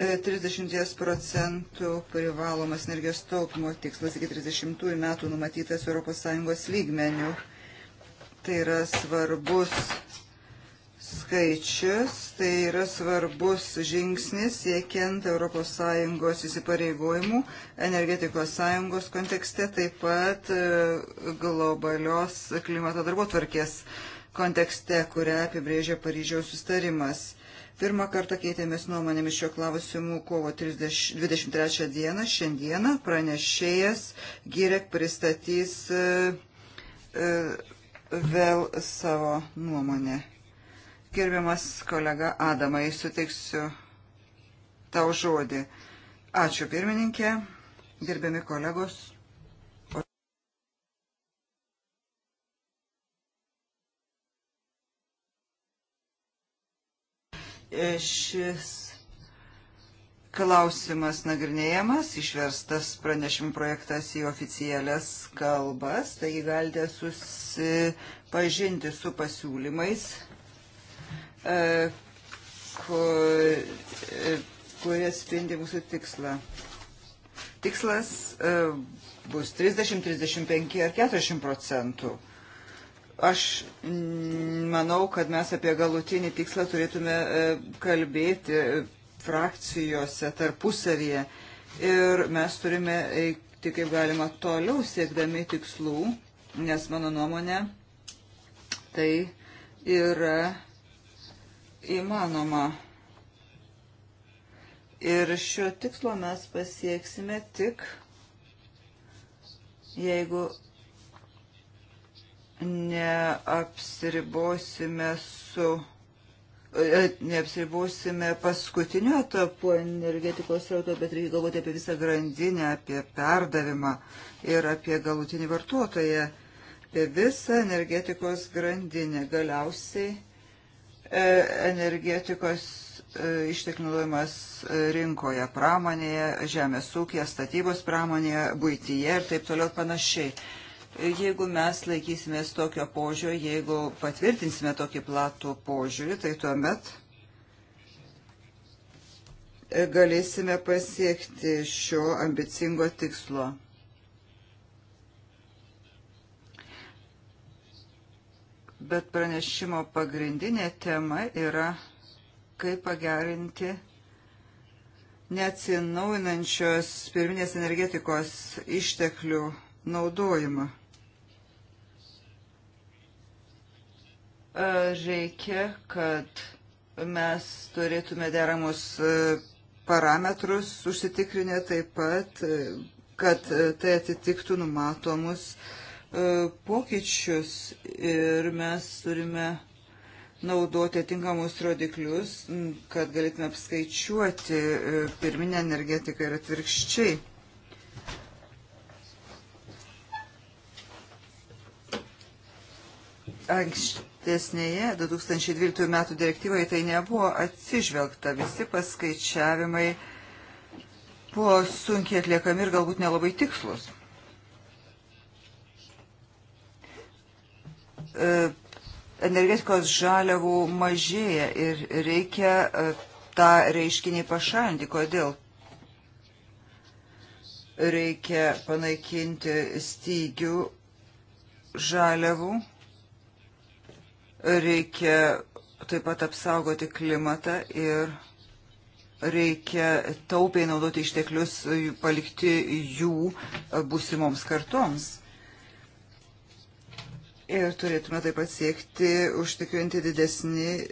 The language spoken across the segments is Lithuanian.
30 e, procentų privalomas energijos taupimo tikslas iki 30 metų numatytas ES lygmenių. Tai yra svarbus skaičius, tai yra svarbus žingsnis siekiant ES įsipareigojimų energetikos sąjungos kontekste, taip pat e, globalios klimato darbo tvarkės kontekste, kurią apibrėžia Paryžiaus sustarimas Pirmą kartą keitėmės nuomonėmis šiuo klausimu kovo 30, 23 dieną. Šiandieną pranešėjas Girek pristatys e, e, vėl savo nuomonę. Gerbiamas kolega Adamai, suteiksiu tau žodį. Ačiū pirmininkė, gerbiami kolegos. E, šis klausimas nagrinėjamas, išverstas pranešimų projektas į oficialias kalbas, taigi galite susipažinti su pasiūlymais, e, e, kurie spindi mūsų tikslą. Tikslas bus 30, 35 ar 40 procentų Aš manau, kad mes apie galutinį tikslą turėtume e, kalbėti e, frakcijose tarpusavyje ir mes turime eiti kaip galima toliau siekdami tikslų, nes mano nuomonė tai yra įmanoma. Ir šio tikslo mes pasieksime tik, jeigu neapsiribosime su e, neapsiribosime paskutiniu etapu energetikos rauto, bet reikia galvoti apie visą grandinę, apie perdavimą ir apie galutinį vartotoją, apie visą energetikos grandinę. Galiausiai e, energetikos e, išteknaudojimas rinkoje, pramonėje, žemės ūkėje, statybos pramonėje, būtyje ir taip toliau panašiai. Jeigu mes laikysimės tokio požiūrio, jeigu patvirtinsime tokį platų požiūrį, tai tuomet galėsime pasiekti šio ambicingo tikslo. Bet pranešimo pagrindinė tema yra, kaip pagerinti neatsinaujinančios pirminės energetikos išteklių naudojimą. Reikia, kad mes turėtume deramus parametrus užsitikrinę taip pat, kad tai atitiktų numatomus pokyčius ir mes turime naudoti atinkamus rodiklius, kad galėtume apskaičiuoti pirminę energetiką ir atvirkščiai. Anksčiau ankstesnėje 2012 metų direktyvoje tai nebuvo atsižvelgta. Visi paskaičiavimai buvo sunkiai atliekami ir galbūt nelabai tikslus. E, energetikos žaliavų mažėja ir reikia e, tą reiškinį pašalinti. Kodėl? Reikia panaikinti stygių žaliavų Reikia taip pat apsaugoti klimatą ir reikia taupiai naudoti išteklius, palikti jų būsimoms kartoms. Ir turėtume taip pat siekti užtikrinti didesnį e,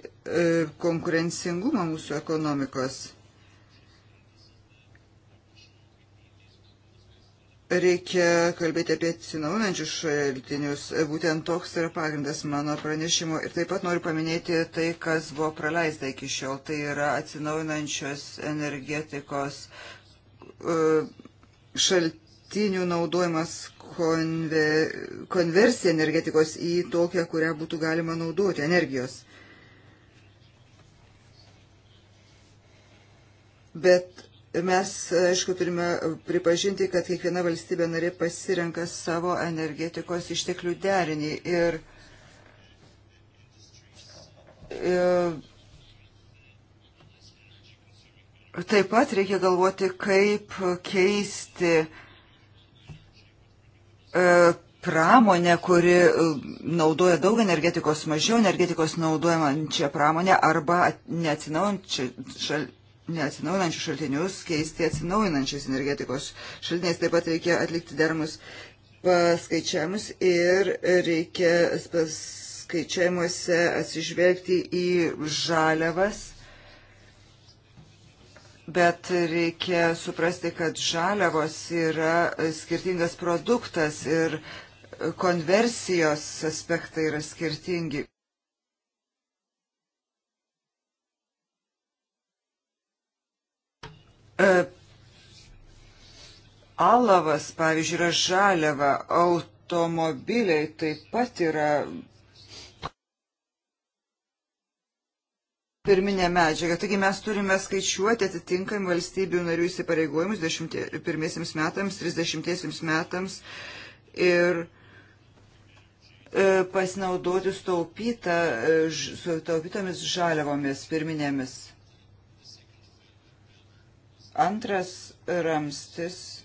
konkurencingumą mūsų ekonomikos. Reikia kalbėti apie atsinaujinančius šaltinius. Būtent toks yra pagrindas mano pranešimo. Ir taip pat noriu paminėti tai, kas buvo praleista iki šiol. Tai yra atsinaujinančios energetikos e, šaltinių naudojimas konve, konversija energetikos į tokią, kurią būtų galima naudoti energijos. Bet Mes, aišku, turime pripažinti, kad kiekviena valstybė narė pasirenka savo energetikos išteklių derinį ir, ir e, taip pat reikia galvoti, kaip keisti e, pramonę, kuri naudoja daug energetikos, mažiau energetikos naudojančią pramonę arba neatsinaujančią šalį neatsinaujinančius šaltinius keisti atsinaujinančiais energetikos šaltiniais. Taip pat reikia atlikti dermus paskaičiavimus ir reikia paskaičiavimuose atsižvelgti į žaliavas. Bet reikia suprasti, kad žaliavos yra skirtingas produktas ir konversijos aspektai yra skirtingi. E, Alavas, pavyzdžiui, yra žaliava, automobiliai taip pat yra pirminė medžiaga. Taigi mes turime skaičiuoti atitinkam valstybių narių įsipareigojimus 21 metams, 30 metams ir e, pasinaudoti staupyta, e, staupytomis žaliavomis pirminėmis. Antras ramstis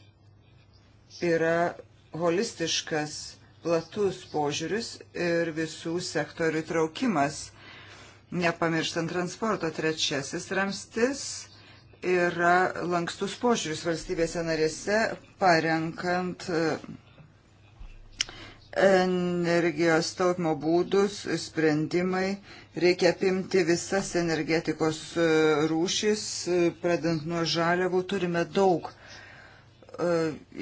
yra holistiškas platus požiūris ir visų sektorių traukimas. Nepamirštant transporto, trečiasis ramstis yra lankstus požiūris valstybėse narėse, parenkant e, energijos taupimo būdus, sprendimai Reikia apimti visas energetikos e, rūšis, e, pradant nuo žaliavų, turime daug e,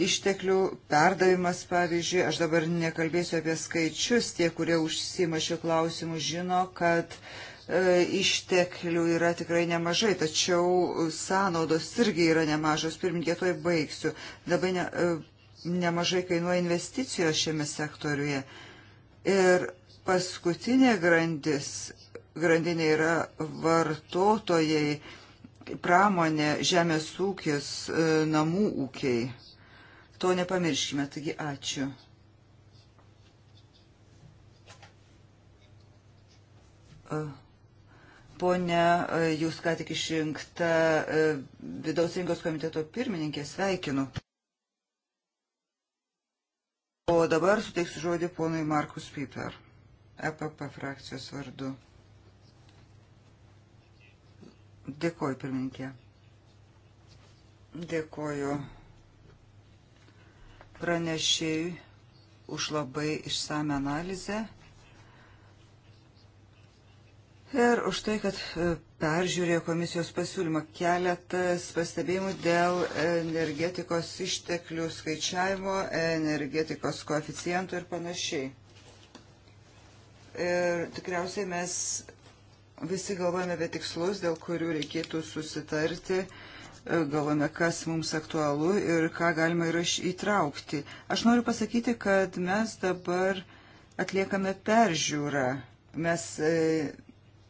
išteklių perdavimas, pavyzdžiui, aš dabar nekalbėsiu apie skaičius, tie, kurie užsima šio klausimu, žino, kad e, išteklių yra tikrai nemažai, tačiau sąnaudos irgi yra nemažos. Pirmininkė, toj baigsiu. Dabar ne, e, nemažai kainuoja investicijos šiame sektoriuje. Ir paskutinė grandis grandinė yra vartotojai, pramonė, žemės ūkis, e, namų ūkiai. To nepamirškime, taigi ačiū. E, Pone, e, jūs ką tik išrinkta vidaus rinkos komiteto pirmininkė, sveikinu. O dabar suteiksiu žodį ponui Markus Piper, EPP frakcijos vardu. Dėkoju, pirmininkė. Dėkoju pranešėjui už labai išsame analizę ir už tai, kad e, peržiūrėjo komisijos pasiūlymą keletas pastebėjimų dėl energetikos išteklių skaičiavimo, energetikos koeficientų ir panašiai. Ir tikriausiai mes visi galvojame apie tikslus, dėl kurių reikėtų susitarti, e, galvojame, kas mums aktualu ir ką galima ir įtraukti. Aš noriu pasakyti, kad mes dabar atliekame peržiūrą. Mes e,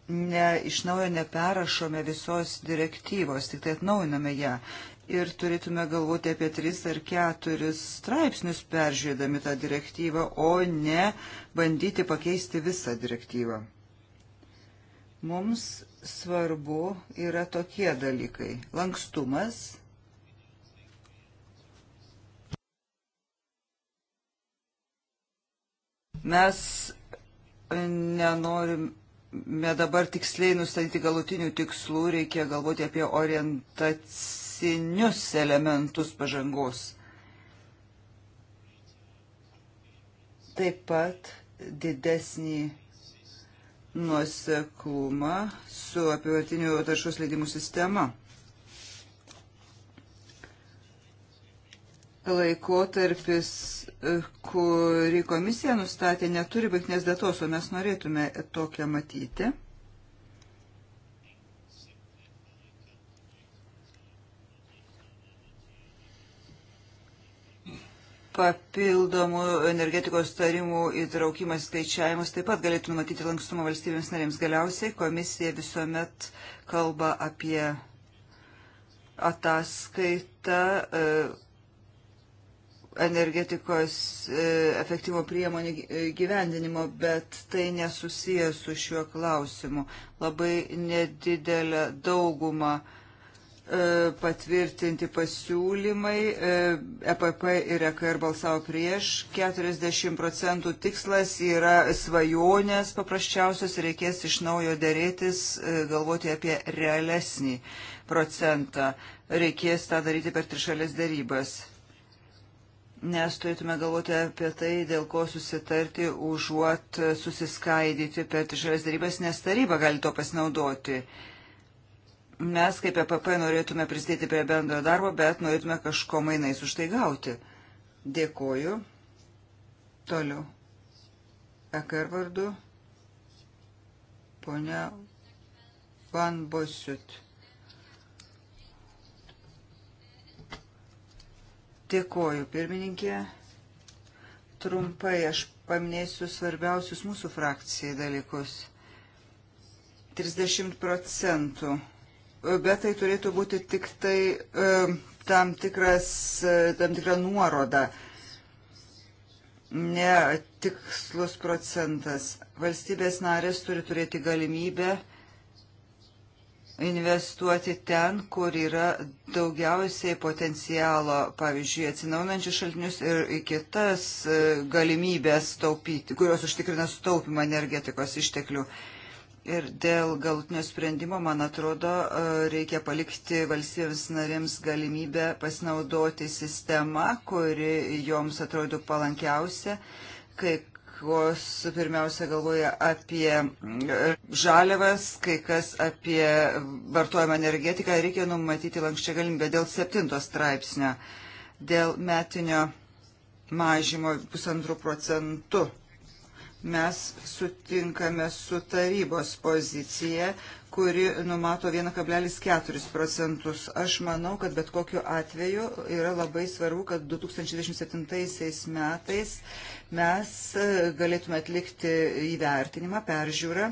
ne, iš naujo neperrašome visos direktyvos, tik tai atnaujiname ją. Ir turėtume galvoti apie tris ar keturis straipsnius peržiūrėdami tą direktyvą, o ne bandyti pakeisti visą direktyvą. Mums svarbu yra tokie dalykai. Lankstumas, mes e, nenorime dabar tiksliai nustatyti galutinių tikslų, reikia galvoti apie orientacinius elementus pažangos. Taip pat didesnį nuoseklumą su apivartinių taršos leidimų sistema. Laikotarpis, kurį komisija nustatė, neturi baigtinės datos, o mes norėtume tokią matyti. papildomų energetikos tarimų įtraukimas skaičiavimus taip pat galėtų numatyti lankstumą valstybėms narėms. Galiausiai komisija visuomet kalba apie ataskaitą e, energetikos e, efektyvo priemonių e, gyvendinimo, bet tai nesusijęs su šiuo klausimu. Labai nedidelę daugumą E, patvirtinti pasiūlymai. EPP e ir EKR balsavo prieš. 40 procentų tikslas yra svajonės paprasčiausios ir reikės iš naujo dėrėtis, e, galvoti apie realesnį procentą. Reikės tą daryti per trišalės dėrybas. Nes turėtume galvoti apie tai, dėl ko susitarti, užuot susiskaidyti per trišalės dėrybas, nes taryba gali to pasinaudoti. Mes kaip EPP norėtume prisidėti prie bendro darbo, bet norėtume kažko mainais už tai gauti. Dėkoju. Toliau. EKR vardu. Pone Van Bosiut. Dėkoju, pirmininkė. Trumpai aš paminėsiu svarbiausius mūsų frakcijai dalykus. 30 procentų bet tai turėtų būti tik tai e, tam, tikras, e, tam tikra nuoroda, ne tikslus procentas. Valstybės narės turi turėti galimybę investuoti ten, kur yra daugiausiai potencialo, pavyzdžiui, atsinaunančius šaltinius ir kitas e, galimybės taupyti, kurios užtikrina sutaupimą energetikos išteklių. Uh, Ir dėl galutinio sprendimo, man atrodo, e, reikia palikti valstybėms narėms galimybę pasinaudoti sistemą, kuri joms atrodo palankiausia, kai kos pirmiausia galvoja apie mm, žalėvas, kai kas apie vartojimą energetiką, reikia numatyti lankščią galimybę dėl septinto straipsnio, dėl metinio mažymo pusantro procentų mes sutinkame su tarybos pozicija, kuri numato 1,4 procentus. Aš manau, kad bet kokiu atveju yra labai svarbu, kad 2027 metais mes e, galėtume atlikti įvertinimą, peržiūrą.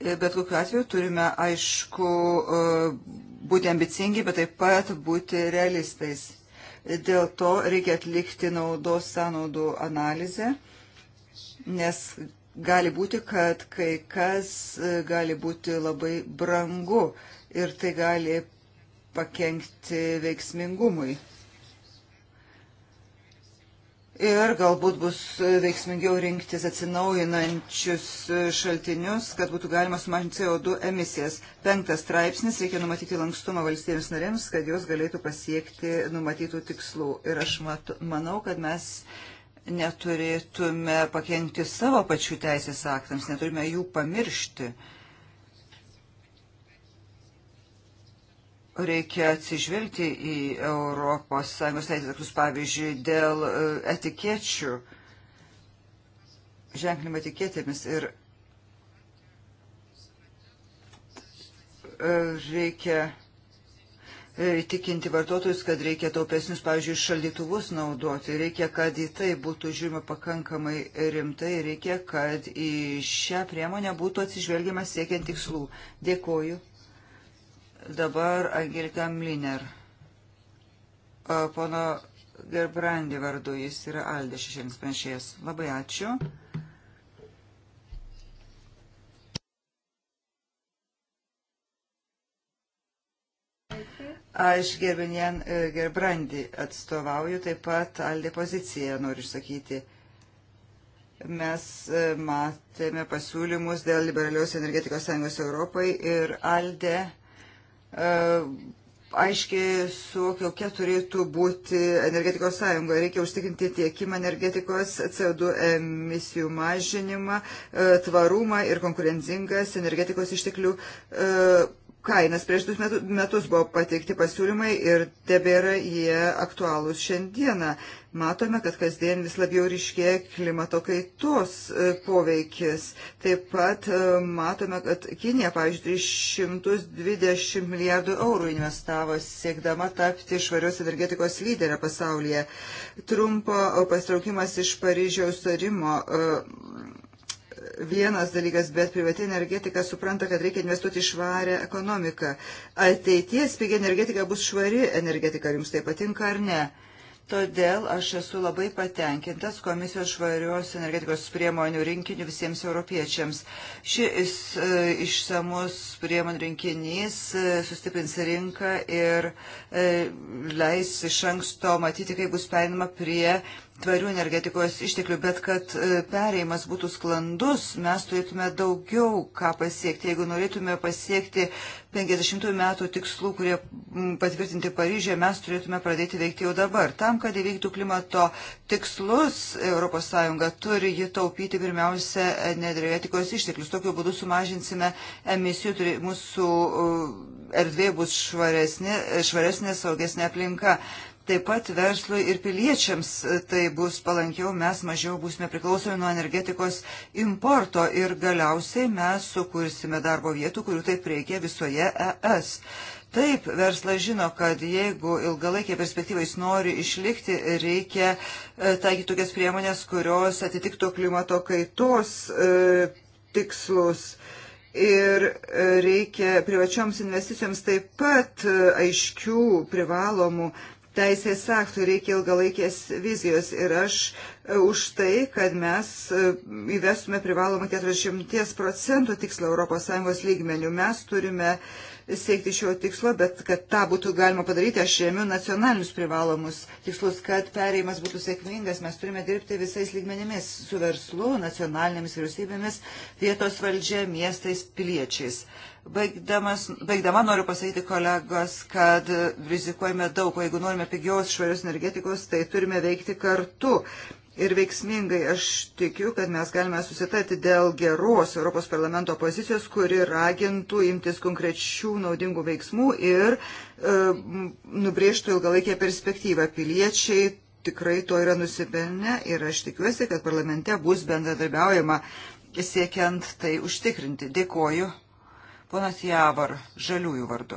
E, bet kokiu atveju turime, aišku, e, būti ambicingi, bet taip pat būti realistais. Dėl to reikia atlikti naudos sąnaudų analizę, nes gali būti, kad kai kas e, gali būti labai brangu ir tai gali pakengti veiksmingumui ir galbūt bus veiksmingiau rinktis atsinaujinančius šaltinius, kad būtų galima sumažinti CO2 emisijas. Penktas straipsnis reikia numatyti lankstumą valstybėms narėms, kad jos galėtų pasiekti numatytų tikslų. Ir aš matu, manau, kad mes neturėtume pakengti savo pačių teisės aktams, neturime jų pamiršti. Uh, reikia atsižvelgti į ES teisės aktus, pavyzdžiui, dėl e, etikėčių, ženklimo etiketėmis ir e, reikia e, įtikinti vartotojus, kad reikia taupesnius, pavyzdžiui, šaldytuvus naudoti. Reikia, kad į tai būtų žiūrima pakankamai rimtai. Reikia, kad į šią priemonę būtų atsižvelgiama siekiant tikslų. Dėkoju. Dabar Angelika Mliner. Pono Gerbrandi vardu, jis yra Aldė šešėlis pranešėjas. Labai ačiū. Aš Gerbenien e, Gerbrandi atstovauju, taip pat Aldė poziciją noriu išsakyti. Mes e, matėme pasiūlymus dėl liberalios energetikos sąjungos Europai ir Aldė. Aldė E, aiškiai suvokiau, kokia turėtų būti energetikos sąjunga. Reikia užtikrinti tiekimą energetikos CO2 emisijų mažinimą, e, tvarumą ir konkurencingas energetikos išteklių e, kainas. Prieš du metus buvo pateikti pasiūlymai ir tebėra jie aktualūs šiandieną. Matome, kad kasdien vis labiau ryškėja klimato kaitos e, poveikis. Taip pat e, matome, kad Kinija, pavyzdžiui, 320 milijardų eurų investavo siekdama tapti švarios energetikos lyderę pasaulyje. Trumpo e, pastraukimas iš Paryžiaus tarimo vienas dalykas, bet privati energetika supranta, kad reikia investuoti į švarę ekonomiką. Ateities pigi energetika bus švari energetika, ar jums tai patinka ar ne. Todėl aš esu labai patenkintas komisijos švarios energetikos priemonių rinkiniu visiems europiečiams. Šis e, išsamus priemonių rinkinys e, sustiprins rinką ir e, leis iš anksto matyti, kaip bus perinama prie tvarių energetikos išteklių, bet kad e, pereimas būtų sklandus, mes turėtume daugiau ką pasiekti. Jeigu norėtume pasiekti 50 metų tikslų, kurie patvirtinti Paryžėje, mes turėtume pradėti veikti jau dabar. Tam, kad įveiktų klimato tikslus, ES turi jį taupyti pirmiausia energetikos išteklius. Tokiu būdu sumažinsime emisijų, turi, mūsų erdvė bus švaresnė, švaresnė saugesnė aplinka Taip pat verslui ir piliečiams tai bus palankiau, mes mažiau būsime priklausomi nuo energetikos importo ir galiausiai mes sukursime darbo vietų, kurių taip reikia visoje ES. Taip, verslas žino, kad jeigu ilgalaikė perspektyva jis nori išlikti, reikia e, taikyti tokias priemonės, kurios atitiktų klimato kaitos e, tikslus. Ir e, reikia privačioms investicijoms taip pat e, aiškių privalomų teisės aktų, reikia ilgalaikės vizijos ir aš e, už tai, kad mes e, įvestume privalomą 40 procentų tikslą ES lygmenių. Mes turime siekti šio tikslo, bet kad tą būtų galima padaryti, aš remiu nacionalinius privalomus tikslus, kad pereimas būtų sėkmingas, mes turime dirbti visais lygmenimis su verslu, nacionalinėmis vyriausybėmis, vietos valdžia, miestais, piliečiais. Baigdamas, baigdama noriu pasakyti kolegos, kad rizikuojame daug, o jeigu norime pigios švarios energetikos, tai turime veikti kartu. Ir veiksmingai aš tikiu, kad mes galime susitarti dėl geros Europos parlamento pozicijos, kuri ragintų imtis konkrečių naudingų veiksmų ir e, nubrėžtų ilgalaikę perspektyvą. Piliečiai tikrai to yra nusipelnę ir aš tikiuosi, kad parlamente bus bendradarbiaujama siekiant tai užtikrinti. Dėkoju. Ponas Javar, žaliųjų vardu.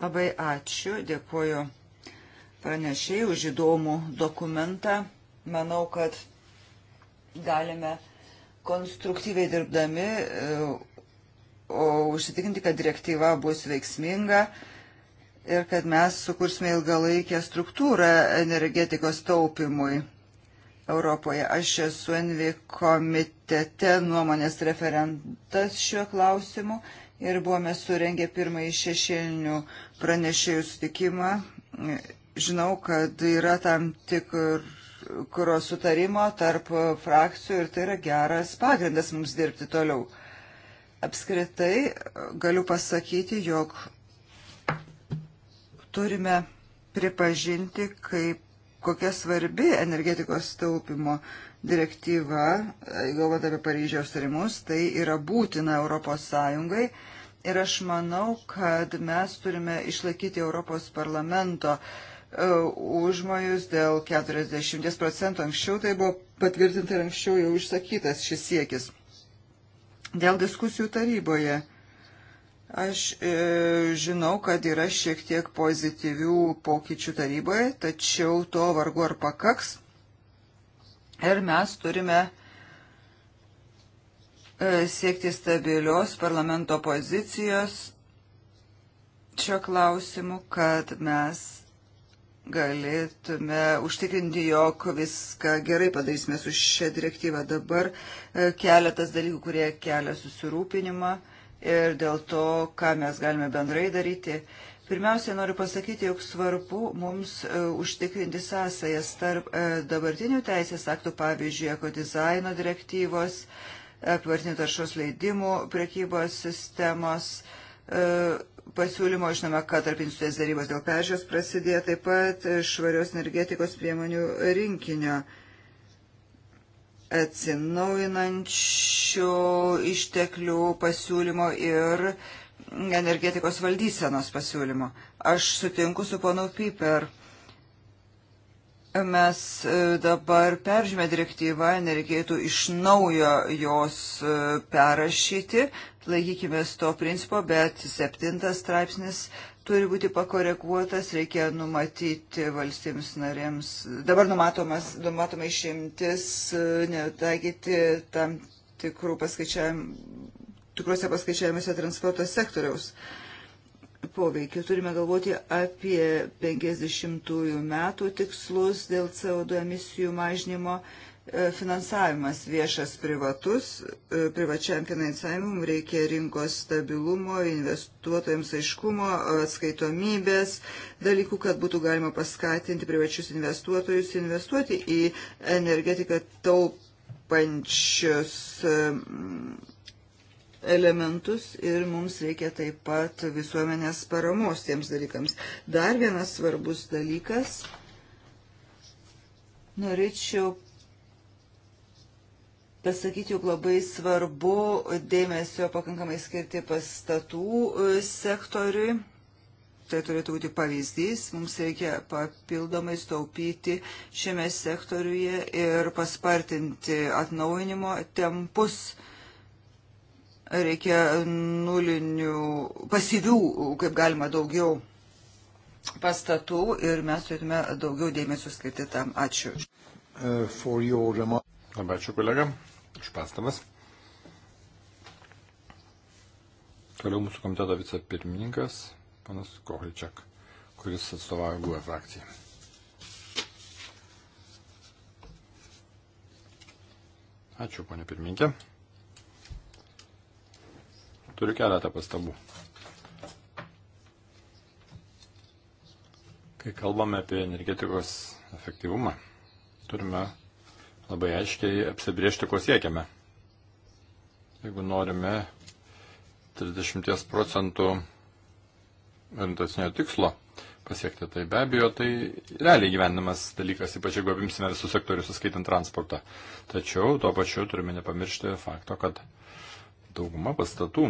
Labai ačiū, dėkuoju pranešėjai už įdomų dokumentą. Manau, kad galime konstruktyviai dirbdami e, užsitikinti, kad direktyva bus veiksminga ir kad mes sukursime ilgalaikę struktūrą energetikos taupimui. Europoje. Aš esu Envi komitete nuomonės referentas šiuo klausimu ir buvome surengę pirmąjį šešėlinių pranešėjų sutikimą. Žinau, kad yra tam tikr kurio sutarimo tarp frakcijų ir tai yra geras pagrindas mums dirbti toliau. Apskritai galiu pasakyti, jog turime pripažinti, kaip kokia svarbi energetikos taupimo direktyva, e, galvot apie Paryžiaus tarimus, tai yra būtina Europos Sąjungai. Ir aš manau, kad mes turime išlaikyti Europos parlamento e, užmojus dėl 40 procentų. Anksčiau tai buvo patvirtinta ir anksčiau jau išsakytas šis siekis. Dėl diskusijų taryboje Aš e, žinau, kad yra šiek tiek pozityvių pokyčių taryboje, tačiau to vargu ar pakaks. Ir mes turime e, siekti stabilios parlamento pozicijos šio klausimu, kad mes galėtume užtikrinti, jog viską gerai padarysime su šia direktyva. Dabar e, keletas dalykų, kurie kelia susirūpinimą. E, ir dėl to, ką mes galime bendrai daryti. Pirmiausia, noriu pasakyti, jog svarbu mums e, užtikrinti sąsajas tarp e, dabartinių teisės aktų, pavyzdžiui, ekodizaino direktyvos, apivartinių taršos leidimų prekybos sistemos e, pasiūlymo, žinome, kad tarp institucijos darybos dėl peržiūros prasidėjo taip pat švarios energetikos priemonių rinkinio atsinaujinančių išteklių pasiūlymo ir energetikos valdysenos pasiūlymo. Aš sutinku su panu Piper. Mes e, dabar peržymę direktyvą, nereikėtų iš naujo jos e, perrašyti, laikykime to principo, bet septintas straipsnis turi būti pakoreguotas, reikia numatyti valstybėms narėms. Dabar numatomas, numatoma išimtis, netaikyti tam tikrų paskaičiavimų, tikrose paskaičiavimuose transporto sektoriaus poveikio. Turime galvoti apie 50 metų tikslus dėl CO2 emisijų mažnymo. E, finansavimas viešas privatus, e, privačiam finansavimui reikia rinkos stabilumo, investuotojams aiškumo, atskaitomybės dalykų, kad būtų galima paskatinti privačius investuotojus investuoti į energetiką taupančius e, elementus ir mums reikia taip pat visuomenės paramos tiems dalykams. Dar vienas svarbus dalykas. Norėčiau pasakyti, jog labai svarbu dėmesio pakankamai skirti pastatų e, sektoriui. Tai turėtų būti pavyzdys, mums reikia papildomai staupyti šiame sektoriuje ir paspartinti atnaujinimo tempus. Reikia nulinių pasyvių, kaip galima daugiau pastatų ir mes turėtume daugiau dėmesio skirti tam. Ačiū. Uh, Labai ačiū, kolega už pastabas. Toliau mūsų komiteto vicepirmininkas, panas Kohličiak, kuris atstovauja GUE frakcijai. Ačiū, ponė pirmininkė. Turiu keletą pastabų. Kai kalbame apie energetikos efektyvumą, turime labai aiškiai apsibriežti, ko siekiame. Jeigu norime 30 procentų orientacinio tikslo pasiekti, tai be abejo, tai realiai gyvenimas dalykas, ypač jeigu apimsime visus sektorius, skaitant transportą. Tačiau tuo pačiu turime nepamiršti fakto, kad dauguma pastatų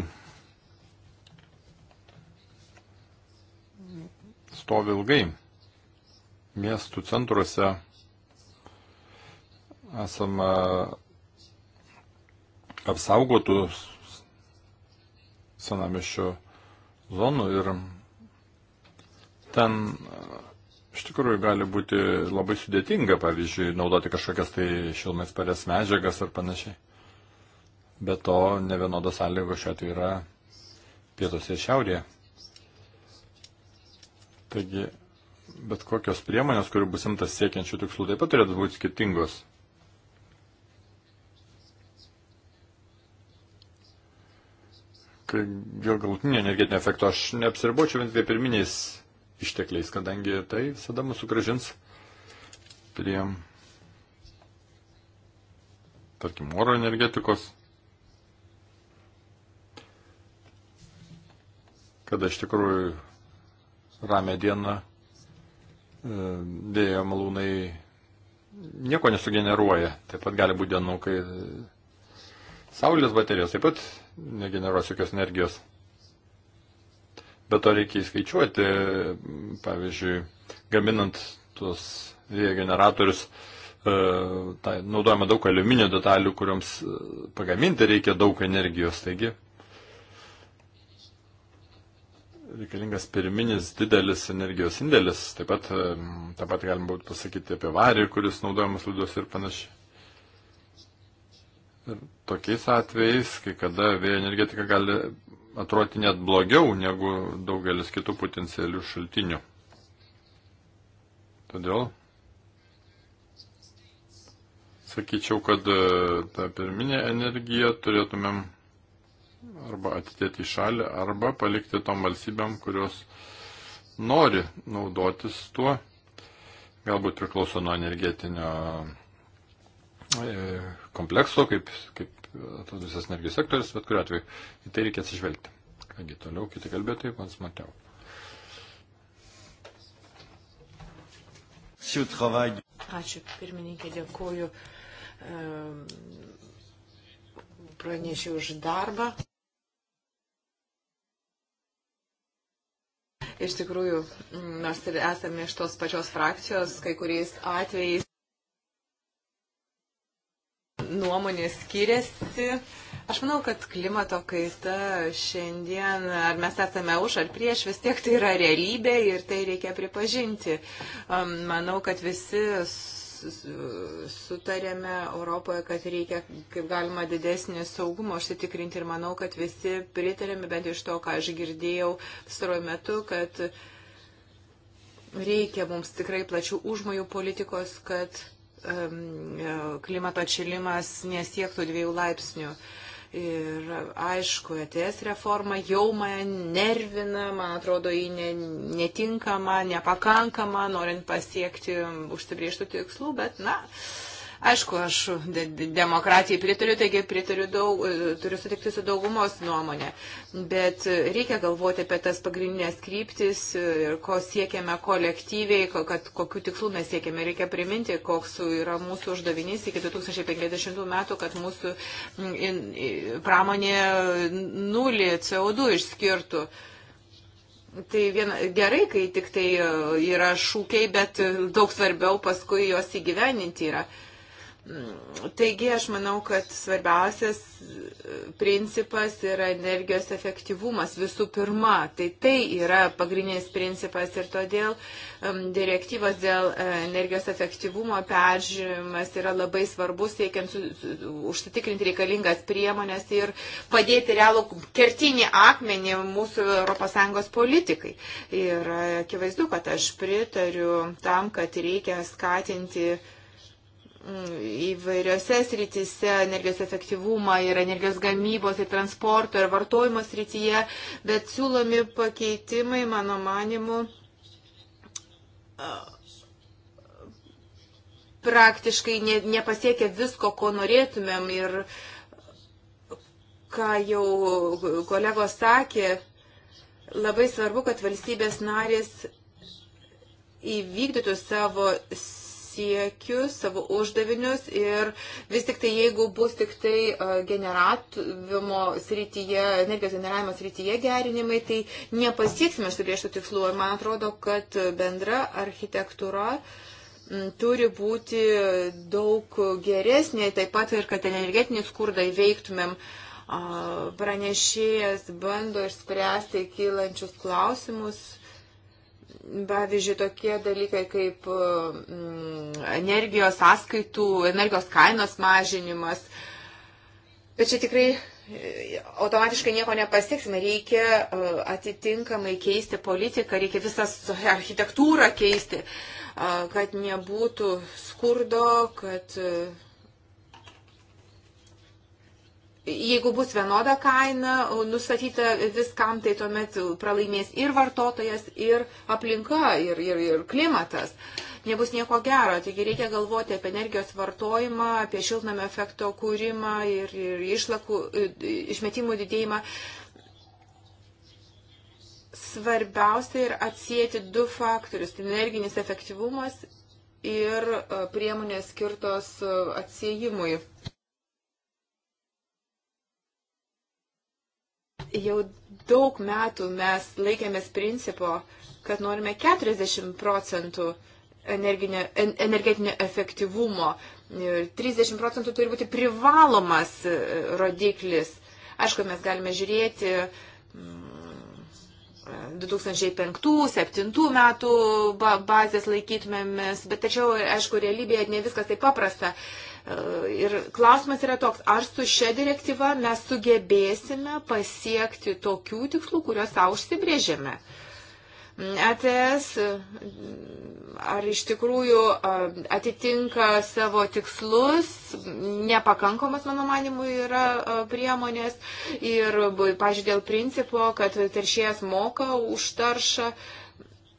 stovi ilgai. Miestų centruose esame apsaugotų senamišio zonų ir ten e, iš tikrųjų gali būti labai sudėtinga, pavyzdžiui, naudoti kažkokias tai šilmais parės medžiagas ar panašiai. Be to, ne vienodas sąlygos šiuo atveju yra pietuose ir šiaurėje. Taigi, bet kokios priemonės, kurių bus imtas siekiančių tikslų, taip pat turėtų būti skirtingos. Kai dėl galutinio energetinio efekto aš neapsiribočiau vien tik tai pirminiais ištekliais, kadangi tai visada mūsų gražins prie, tarkim, oro energetikos, kada iš tikrųjų ramę dieną vėjo e, malūnai nieko nesugeneruoja. Taip pat gali būti dienų, kai saulės baterijos taip pat negeneruos jokios energijos. Bet to reikia įskaičiuoti, pavyzdžiui, gaminant tuos vėjo generatorius, e, tai, naudojama daug aliuminio detalių, kuriams e, pagaminti reikia daug energijos. Taigi reikalingas pirminis didelis energijos indėlis. Taip pat, e, taip pat galima būtų pasakyti apie varį, kuris naudojamas liudos ir panašiai. Ir tokiais atvejais, kai kada vėjo energetika gali atrodyti net blogiau negu daugelis kitų potencialių šaltinių. Todėl sakyčiau, kad e, tą pirminę energiją turėtumėm arba atidėti į šalį, arba palikti tom valstybėm, kurios nori naudotis tuo. Galbūt priklauso nuo energetinio E, komplekso, kaip, kaip tas visas energijos sektorius, bet kuriuo atveju į tai reikia atsižvelgti. Kągi toliau, kiti kalbėtojai, pans Mateu. Ačiū, pirmininkė, dėkuoju e, pranešiu už darbą. Iš tikrųjų, mes ir esame iš tos pačios frakcijos, kai kuriais atvejais nuomonės skiriasi. Aš manau, kad klimato kaita šiandien, ar mes esame už ar prieš, vis tiek tai yra realybė ir tai reikia pripažinti. Manau, kad visi sutarėme Europoje, kad reikia kaip galima didesnį saugumą užsitikrinti ir manau, kad visi pritarėme, bent iš to, ką aš girdėjau staruoju metu, kad reikia mums tikrai plačių užmojų politikos, kad E, klimato atšilimas nesiektų dviejų laipsnių. Ir aišku, ETS reforma jau mane nervina, man atrodo, ji ne, netinkama, nepakankama, norint pasiekti užsibrieštų tikslų, bet, na, uh, Aišku, aš demokratijai pritariu, taigi pritariu daug, e, turiu sutikti su daugumos nuomonė, bet e, reikia galvoti apie tas pagrindinės kryptis e, ir ko siekiame kolektyviai, kad kokiu tikslu mes siekiame. Reikia priminti, koks yra mūsų uždavinys iki 2050 metų, kad mūsų pramonė nulį CO2 išskirtų. Tai viena, gerai, kai tik tai yra šūkiai, bet daug svarbiau paskui juos įgyveninti yra. Uh, Taigi aš manau, kad svarbiausias e, principas yra energijos efektyvumas visų pirma. Tai tai yra pagrindinis principas ir todėl um, direktyvos dėl e, energijos efektyvumo peržiūrimas yra labai svarbus, siekiant su, su, užsitikrinti reikalingas priemonės ir padėti realų kertinį akmenį mūsų ES politikai. Ir e, akivaizdu, kad aš pritariu tam, kad reikia skatinti įvairiose srityse, energijos efektyvumą ir energijos gamybos ir transporto ir vartojimo srityje, bet siūlomi pakeitimai, mano manimu, praktiškai ne, nepasiekia visko, ko norėtumėm ir ką jau kolegos sakė, labai svarbu, kad valstybės narės įvykdytų savo siekius, savo uždavinius ir vis tik tai jeigu bus tik tai generavimo srityje, energijos generavimo srityje gerinimai, tai nepasieksime užsibrieštų tikslų. Ir man atrodo, kad bendra architektūra turi būti daug geresnė, taip pat ir kad energetinį skurdą įveiktumėm pranešėjas bando išspręsti kylančius klausimus Pavyzdžiui, tokie dalykai kaip mm, energijos sąskaitų, energijos kainos mažinimas. Bet čia tikrai e, automatiškai nieko nepasieksime. Reikia e, atitinkamai keisti politiką, reikia visą architektūrą keisti, e, kad nebūtų skurdo, kad jeigu bus vienoda kaina nustatyta viskam, tai tuomet pralaimės ir vartotojas, ir aplinka, ir, ir, ir klimatas. Nebus nieko gero, taigi reikia galvoti apie energijos vartojimą, apie šiltnamio efekto kūrimą ir, ir išlakų, e, išmetimų didėjimą. Svarbiausia ir atsijėti du faktorius tai - energinis efektyvumas ir e, priemonės skirtos e, atsijimui. Jau daug metų mes laikėmės principo, kad norime 40 procentų energinio, energetinio efektyvumo ir 30 procentų turi būti privalomas e, rodiklis. Aišku, mes galime žiūrėti 2005-2007 mm, metų bazės laikytumėmės, bet tačiau, aišku, realybėje ne viskas taip paprasta. Ir klausimas yra toks, ar su šia direktyva mes sugebėsime pasiekti tokių tikslų, kuriuos savo užsibrėžėme. ETS ar iš tikrųjų atitinka savo tikslus, nepakankamas, mano manimu, yra priemonės ir, pažiūrėjau, dėl principo, kad teršėjas moka už taršą,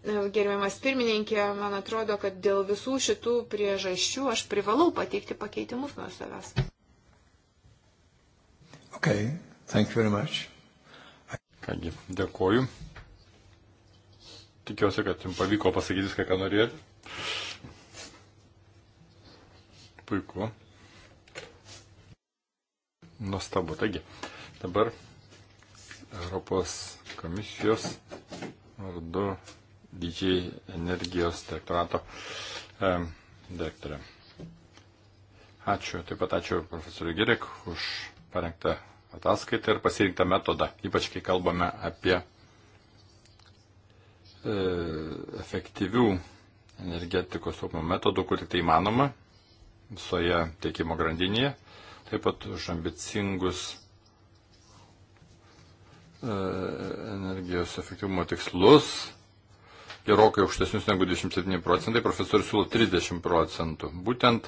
Gerbiamas pirmininkė, man atrodo, kad dėl visų šitų priežasčių aš privalau pateikti pakeitimus nuo savęs. Okay, thank you very much. I... Kągi, dėkoju. Tikiuosi, kad jums pavyko pasakyti viską, ką norėjot. Puiku. Nuostabu. Taigi, dabar Europos komisijos vardu didžiai energijos direktorato e, direktorė. Ačiū, taip pat ačiū profesoriui Gerik už parengtą ataskaitą ir pasirinktą metodą, ypač kai kalbame apie e, efektyvių energetikos taupimo metodų, kur tai įmanoma visoje tiekimo grandinėje, taip pat už ambicingus e, energijos efektyvumo tikslus gerokai aukštesnius negu 27 procentai, profesorius siūlo 30 procentų. Būtent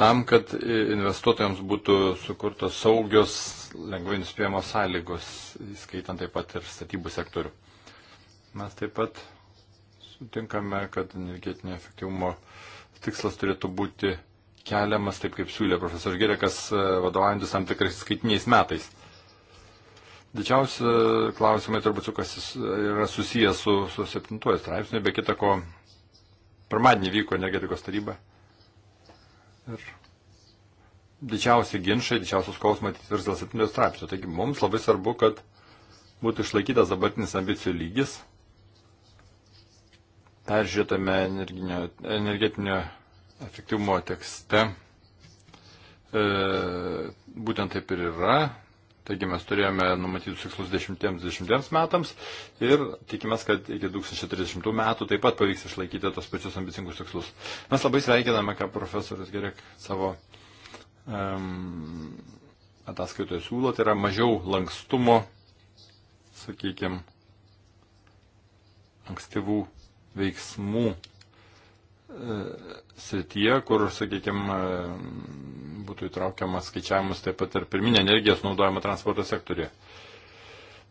tam, kad investuotojams būtų sukurtos saugios, lengvai nuspėjamos sąlygos, įskaitant taip pat ir statybų sektorių. Mes taip pat sutinkame, kad energetinio efektyvumo tikslas turėtų būti keliamas, taip kaip siūlė profesorius Gerekas, e, vadovaujantis tam tikrais skaitiniais metais. Didžiausi klausimai turbūt sukasi yra susijęs su, su septintuoju straipsniu, be kita ko, pirmadienį vyko energetikos taryba. Ir didžiausi ginčiai, didžiausios kovos matyti virs dėl septintojo straipsnio. Taigi mums labai svarbu, kad būtų išlaikytas dabartinis ambicijų lygis, peržiūrėtame energetinio efektyvumo tekste. E, būtent taip ir yra, Taigi mes turėjome numatytus tikslus 10-20 metams ir tikimės, kad iki 2030 metų taip pat pavyks išlaikyti tos pačius ambicingus tikslus. Mes labai sveikiname, ką profesorius Gerek savo um, ataskaitoje siūlo, tai yra mažiau lankstumo, sakykime, ankstyvų veiksmų e, srityje, kur, sakykime, būtų įtraukiamas skaičiavimus taip pat ir pirminė energijos naudojama transporto sektorėje.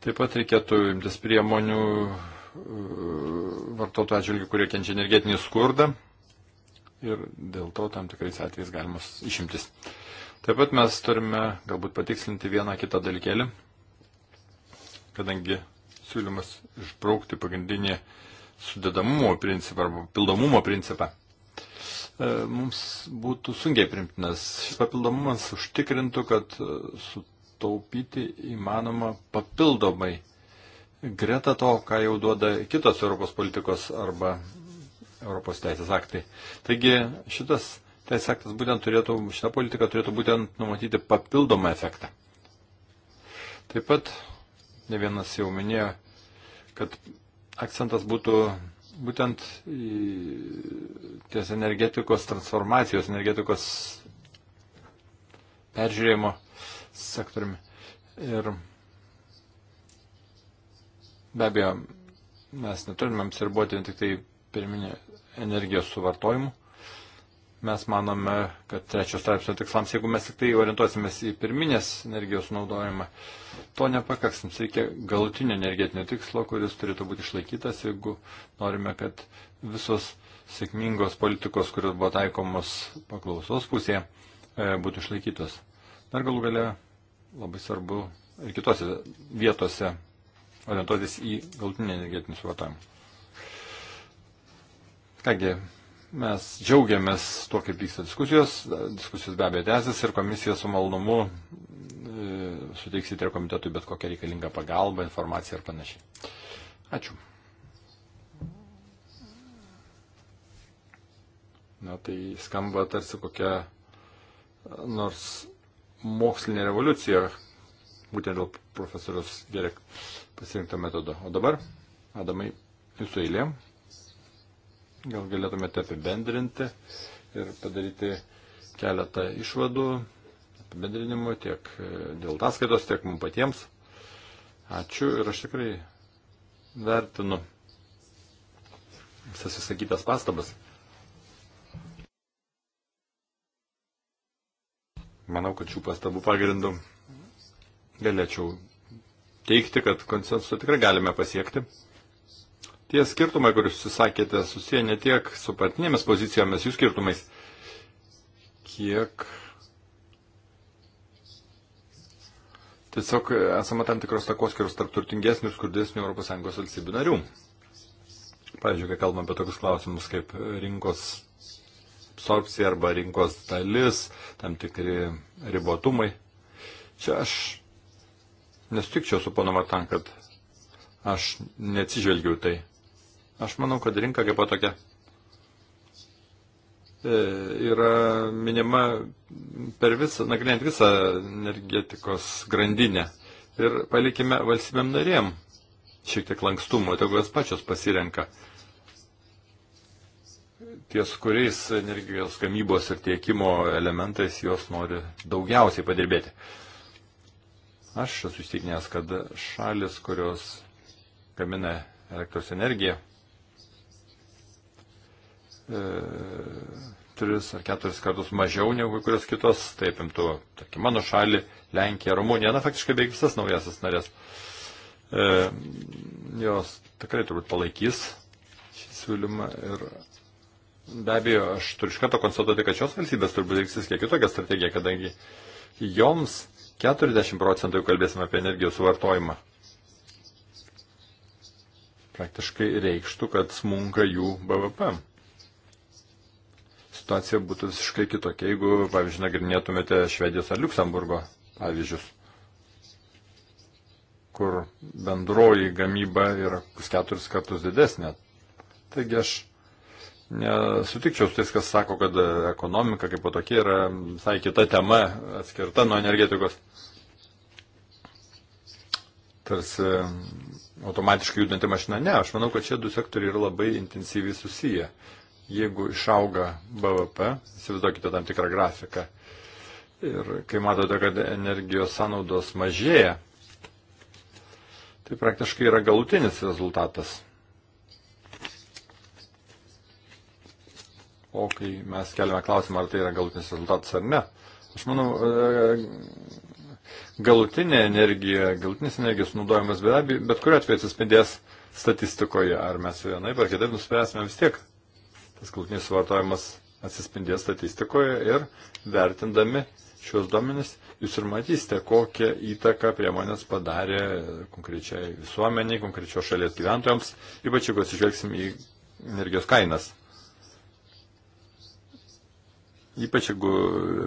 Taip pat reikėtų imtis priemonių uh, vartotojų atžvilgių, kurie kenčia energetinį skurdą ir dėl to tam tikrais atvejais galimas išimtis. Taip pat mes turime galbūt patikslinti vieną kitą dalykėlį, kadangi siūlymas išbraukti pagrindinį sudedamumo principą arba pildomumo principą E, mums būtų sunkiai primtinas. Šis papildomumas užtikrintų, kad e, sutaupyti įmanoma papildomai. Greta to, ką jau duoda kitos Europos politikos arba Europos teisės aktai. Taigi šitas teisės aktas būtent turėtų, šita politika turėtų būtent numatyti papildomą efektą. Taip pat ne vienas jau minėjo, kad akcentas būtų būtent ties energetikos transformacijos, energetikos peržiūrėjimo sektoriumi. Ir be abejo, mes neturime apsirboti tik tai pirminį energijos suvartojimu mes manome, kad trečios straipsnio tikslams, jeigu mes tik tai orientuosimės į pirminės energijos naudojimą, to nepakaks. Mums reikia galutinio energetinio tikslo, kuris turėtų būti išlaikytas, jeigu norime, kad visos sėkmingos politikos, kurios buvo taikomos paklausos pusėje, e, būtų išlaikytos. Dar galų gale labai svarbu ir kitose vietose orientuotis į galutinį energetinį suvartojimą. Kągi, Mes džiaugiamės tuo, kaip vyksta diskusijos. Diskusijos be abejo tęsis ir komisija su malonumu e, suteiks įtrio komitetui bet kokią reikalingą pagalbą, informaciją ir panašiai. Ačiū. Na tai skamba tarsi kokia nors mokslinė revoliucija, būtent dėl profesorius Gerek pasirinkto metodo. O dabar, Adamai, jūsų eilė. Gal galėtumėte apibendrinti ir padaryti keletą išvadų apibendrinimų tiek e, dėl ataskaitos, tiek mums patiems. Ačiū ir aš tikrai vertinu visas įsakytas pastabas. Manau, kad šių pastabų pagrindų galėčiau teikti, kad konsensusą tikrai galime pasiekti. Tie skirtumai, kuriuos jūs sakėte, susiję ne tiek su partinėmis pozicijomis, jų skirtumais, kiek tiesiog esama tam tikros takos skirus tarp turtingesnių ir skurdesnių ES valstybių narių. Pavyzdžiui, kai kalbame apie tokius klausimus kaip rinkos absorpcija arba rinkos dalis, tam tikri ribotumai. Čia aš nesutikčiau su pono Martan, kad aš neatsižvelgiau tai. Aš manau, kad rinka kaip po tokia e, yra minima per visą, nagrinėjant visą energetikos grandinę. Ir palikime valstybėm narėm šiek tiek lankstumo, tegu jos pačios pasirenka ties kuriais energijos gamybos ir tiekimo elementais jos nori daugiausiai padirbėti. Aš esu įstikinęs, kad šalis, kurios gamina elektros energiją, e, tris ar keturis kartus mažiau negu kai kurios kitos, taip imtų, tarkim, mano šalį, Lenkiją, Rumuniją, na faktiškai beveik visas naujasis narės. E, jos tikrai turbūt palaikys šį siūlymą ir be abejo, aš turiu iš karto konstatuoti, kad šios valstybės turbūt reiksis kiek kitokią strategiją, kadangi joms 40 procentų jau kalbėsime apie energijos suvartojimą praktiškai reikštų, kad smunka jų BVP situacija būtų visiškai kitokia, jeigu, pavyzdžiui, nagrinėtumėte Švedijos ar Luxemburgo pavyzdžius, kur bendroji gamyba yra keturis kartus didesnė. Taigi aš nesutikčiau su tais, kas sako, kad ekonomika kaip po tokia yra visai kita tema, atskirta nuo energetikos. Tarsi automatiškai judanti mašina. Ne, aš manau, kad šie du sektoriai yra labai intensyviai susiję jeigu išauga BVP, įsivaizduokite tam tikrą grafiką, ir kai matote, kad energijos sąnaudos mažėja, tai praktiškai yra galutinis rezultatas. O kai mes keliame klausimą, ar tai yra galutinis rezultatas ar ne, aš manau, e, galutinė energija, galutinis energijos naudojimas bet, bet kuriuo atveju atsispindės statistikoje, ar mes vienaip ar kitaip nuspręsime vis tiek tas galutinis vartojimas atsispindės statistikoje ir vertindami šios duomenys jūs ir matysite, kokią įtaką priemonės padarė konkrečiai visuomeniai, konkrečios šalies gyventojams, ypač jeigu atsižvelgsim į energijos kainas. Ypač jeigu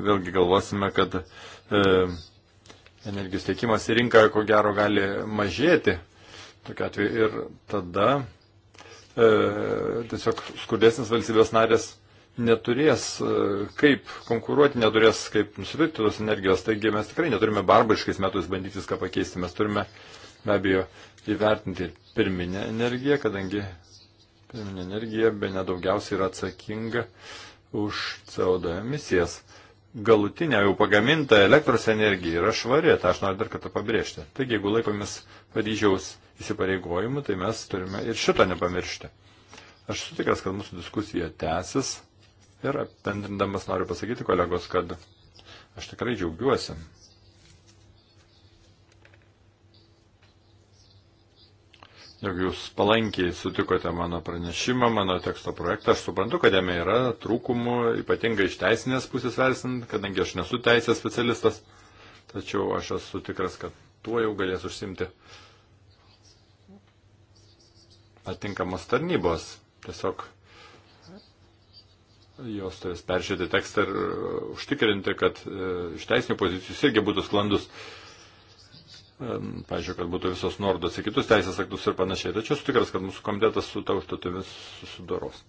vėlgi galvosime, kad e, energijos tiekimas į rinką ko gero gali mažėti. Tokia atveju ir tada E, tiesiog skurdesnis valstybės narės neturės e, kaip konkuruoti, neturės kaip nusipirkti tos energijos. Taigi mes tikrai neturime barbariškais metais bandyti viską pakeisti. Mes turime be abejo įvertinti pirminę energiją, kadangi pirminė energija be nedaugiausiai yra atsakinga už CO2 emisijas. Galutinė jau pagaminta elektros energija yra švari, tą aš noriu dar kartą pabrėžti. Taigi, jeigu laikomės Paryžiaus įsipareigojimų, tai mes turime ir šito nepamiršti. Aš sutikęs, kad mūsų diskusija tęsis ir apendrindamas noriu pasakyti kolegos, kad aš tikrai džiaugiuosi. Jog jūs palankiai sutikote mano pranešimą, mano teksto projektą, aš suprantu, kad jame yra trūkumų, ypatingai iš teisinės pusės versint, kadangi aš nesu teisės specialistas, tačiau aš esu tikras, kad tuo jau galės užsimti uh, atinkamos tarnybos. Tiesiog jos turės peržiūrėti tekstą ir uh, užtikrinti, kad uh, iš teisinių pozicijų jis irgi būtų sklandus. Um, pavyzdžiui, kad būtų visos nuorodos į kitus teisės aktus ir panašiai. Tačiau esu tikras, kad mūsų komitetas su ta užduotimis susidoros.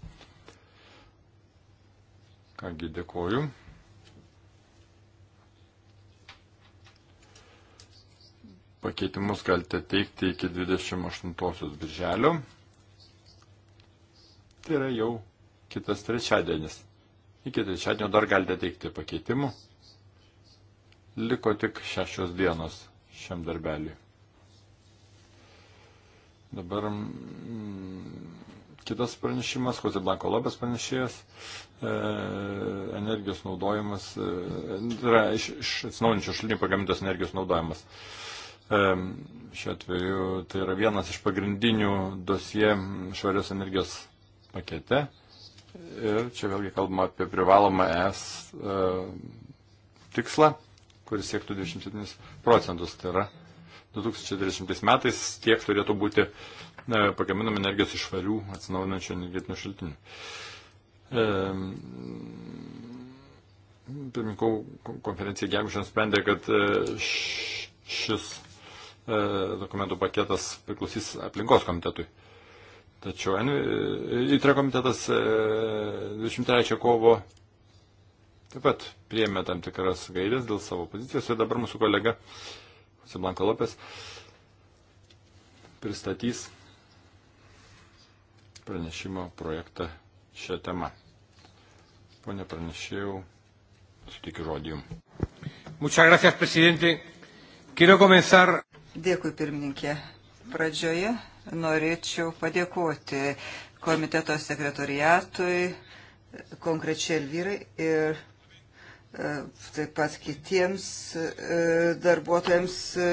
Kągi, dėkoju. Pakeitimus galite teikti iki 28 birželio tai yra jau kitas trečiadienis. Iki trečiadienio dar galite teikti pakeitimų. Liko tik šešios dienos šiam darbeliui. Dabar mm, kitas pranešimas, Kozė Blanko Lobės pranešėjas, e, energijos naudojimas, e, yra iš, iš atsinaujančių šaltinių pagamintos energijos naudojimas. E, šiuo atveju tai yra vienas iš pagrindinių dosie švarios energijos pakete. Ir čia vėlgi kalbama apie privalomą ES e, tikslą, kuris siektų 27 procentus. Tai yra 2030 metais tiek turėtų būti e, pagaminama energijos iš švarių atsinaujinančių energetinių šaltinių. E, Pirminkau konferencija gegužė nusprendė, kad e, šis e, dokumentų paketas priklausys aplinkos komitetui. E, Tačiau įtre komitetas 23 e, kovo taip pat priėmė tam tikras gairės dėl savo pozicijos ir dabar mūsų kolega Siblanko Lopes pristatys pranešimo projektą šią temą. Pone pranešėjau, sutikiu žodį jums. Muchas gracias, presidente. Quiero comenzar. Dėkui, pirmininkė. Pradžioje norėčiau padėkoti komiteto sekretoriatui, konkrečiai Elvyrai ir e, taip pat kitiems e, darbuotojams e,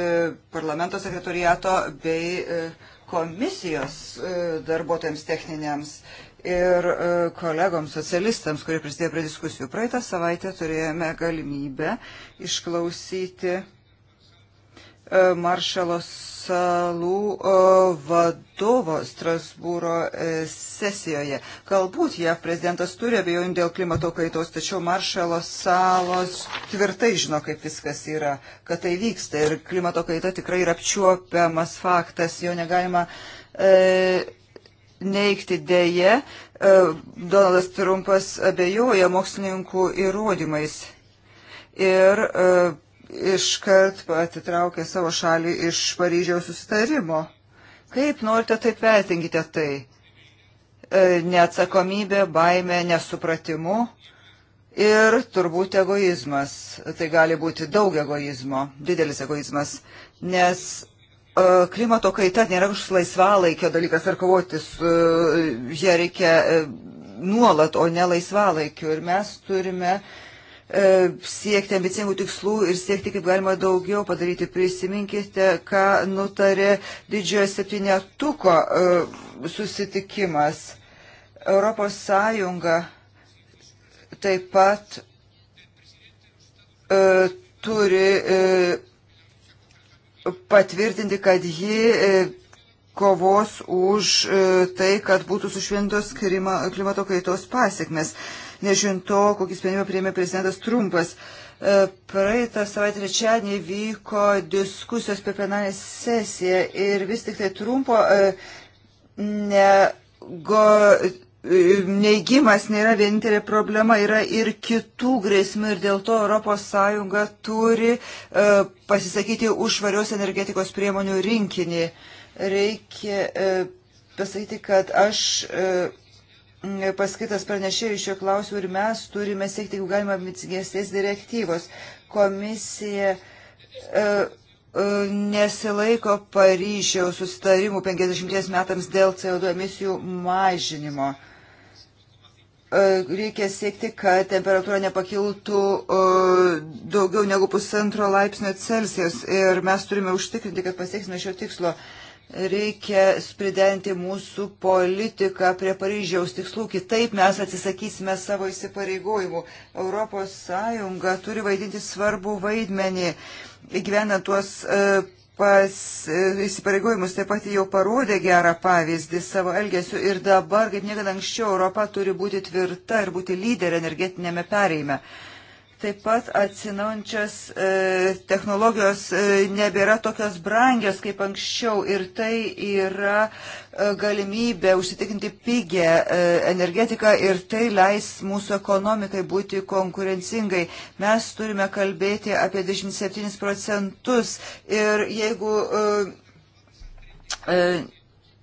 parlamento sekretoriato bei komisijos darbuotojams techniniams ir kolegoms socialistams, kurie prisidėjo prie diskusijų. Praeitą savaitę turėjome galimybę išklausyti maršalos salų e, vadovo Strasbūro e, sesijoje. Galbūt JAV prezidentas turi abejonių dėl klimato kaitos, tačiau Maršalo salos tvirtai žino, kaip viskas yra, kad tai vyksta ir klimato kaita tikrai yra apčiuopiamas faktas, jo negalima e, neikti dėje. E, Donaldas Trumpas abejoja mokslininkų įrodymais. Ir e, iškart atitraukė savo šalį iš Paryžiaus susitarimo. Kaip norite, taip vertinkite tai. E, neatsakomybė, baime, nesupratimu ir turbūt egoizmas. Tai gali būti daug egoizmo, didelis egoizmas, nes e, klimato kaita nėra kažkoks laisvalaikio dalykas ar kovotis, e, ją reikia nuolat, o ne laisvalaikiu. Ir mes turime uh, E, siekti ambicingų tikslų ir siekti kaip galima daugiau padaryti. Prisiminkite, ką nutarė didžiojo septynetuko e, susitikimas. Europos Sąjunga taip pat e, turi patvirtinti, kad ji kovos už tai, kad būtų sušventos klimato kaitos pasiekmes nežinant to, kokį sprendimą priėmė prezidentas Trumpas. E, praeitą savaitę trečiadienį vyko diskusijos per plenarinę sesiją ir vis tik tai Trumpo e, ne, go, e, neigimas nėra vienintelė problema, yra ir kitų grėsmių ir dėl to ES turi pasisakyti už švarios energetikos priemonių rinkinį. Reikia pasakyti, kad aš paskirtas pranešėjų šio klausimu ir mes turime siekti, jeigu galima, ambicingesnės direktyvos. Komisija e, e nesilaiko Paryžiaus sustarimų 50 metams dėl CO2 emisijų mažinimo. E, reikia siekti, kad temperatūra nepakiltų e, daugiau negu pusantro laipsnio Celsijos ir mes turime užtikrinti, kad pasieksime šio tikslo reikia spridenti mūsų politiką prie Paryžiaus tikslų, kitaip mes atsisakysime savo įsipareigojimų. Europos Sąjunga turi vaidinti svarbų vaidmenį, gyvenant tuos e, pas e, įsipareigojimus, taip pat jau parodė gerą pavyzdį savo elgesiu ir dabar, kaip niekada anksčiau, Europa turi būti tvirta ir būti lyderė energetinėme pereime. Taip pat atsinaujančios e, technologijos e, nebėra tokios brangios kaip anksčiau ir tai yra e, galimybė užsitikrinti pigę e, energetiką ir tai leis mūsų ekonomikai būti konkurencingai. Mes turime kalbėti apie 27 procentus ir jeigu. E, e,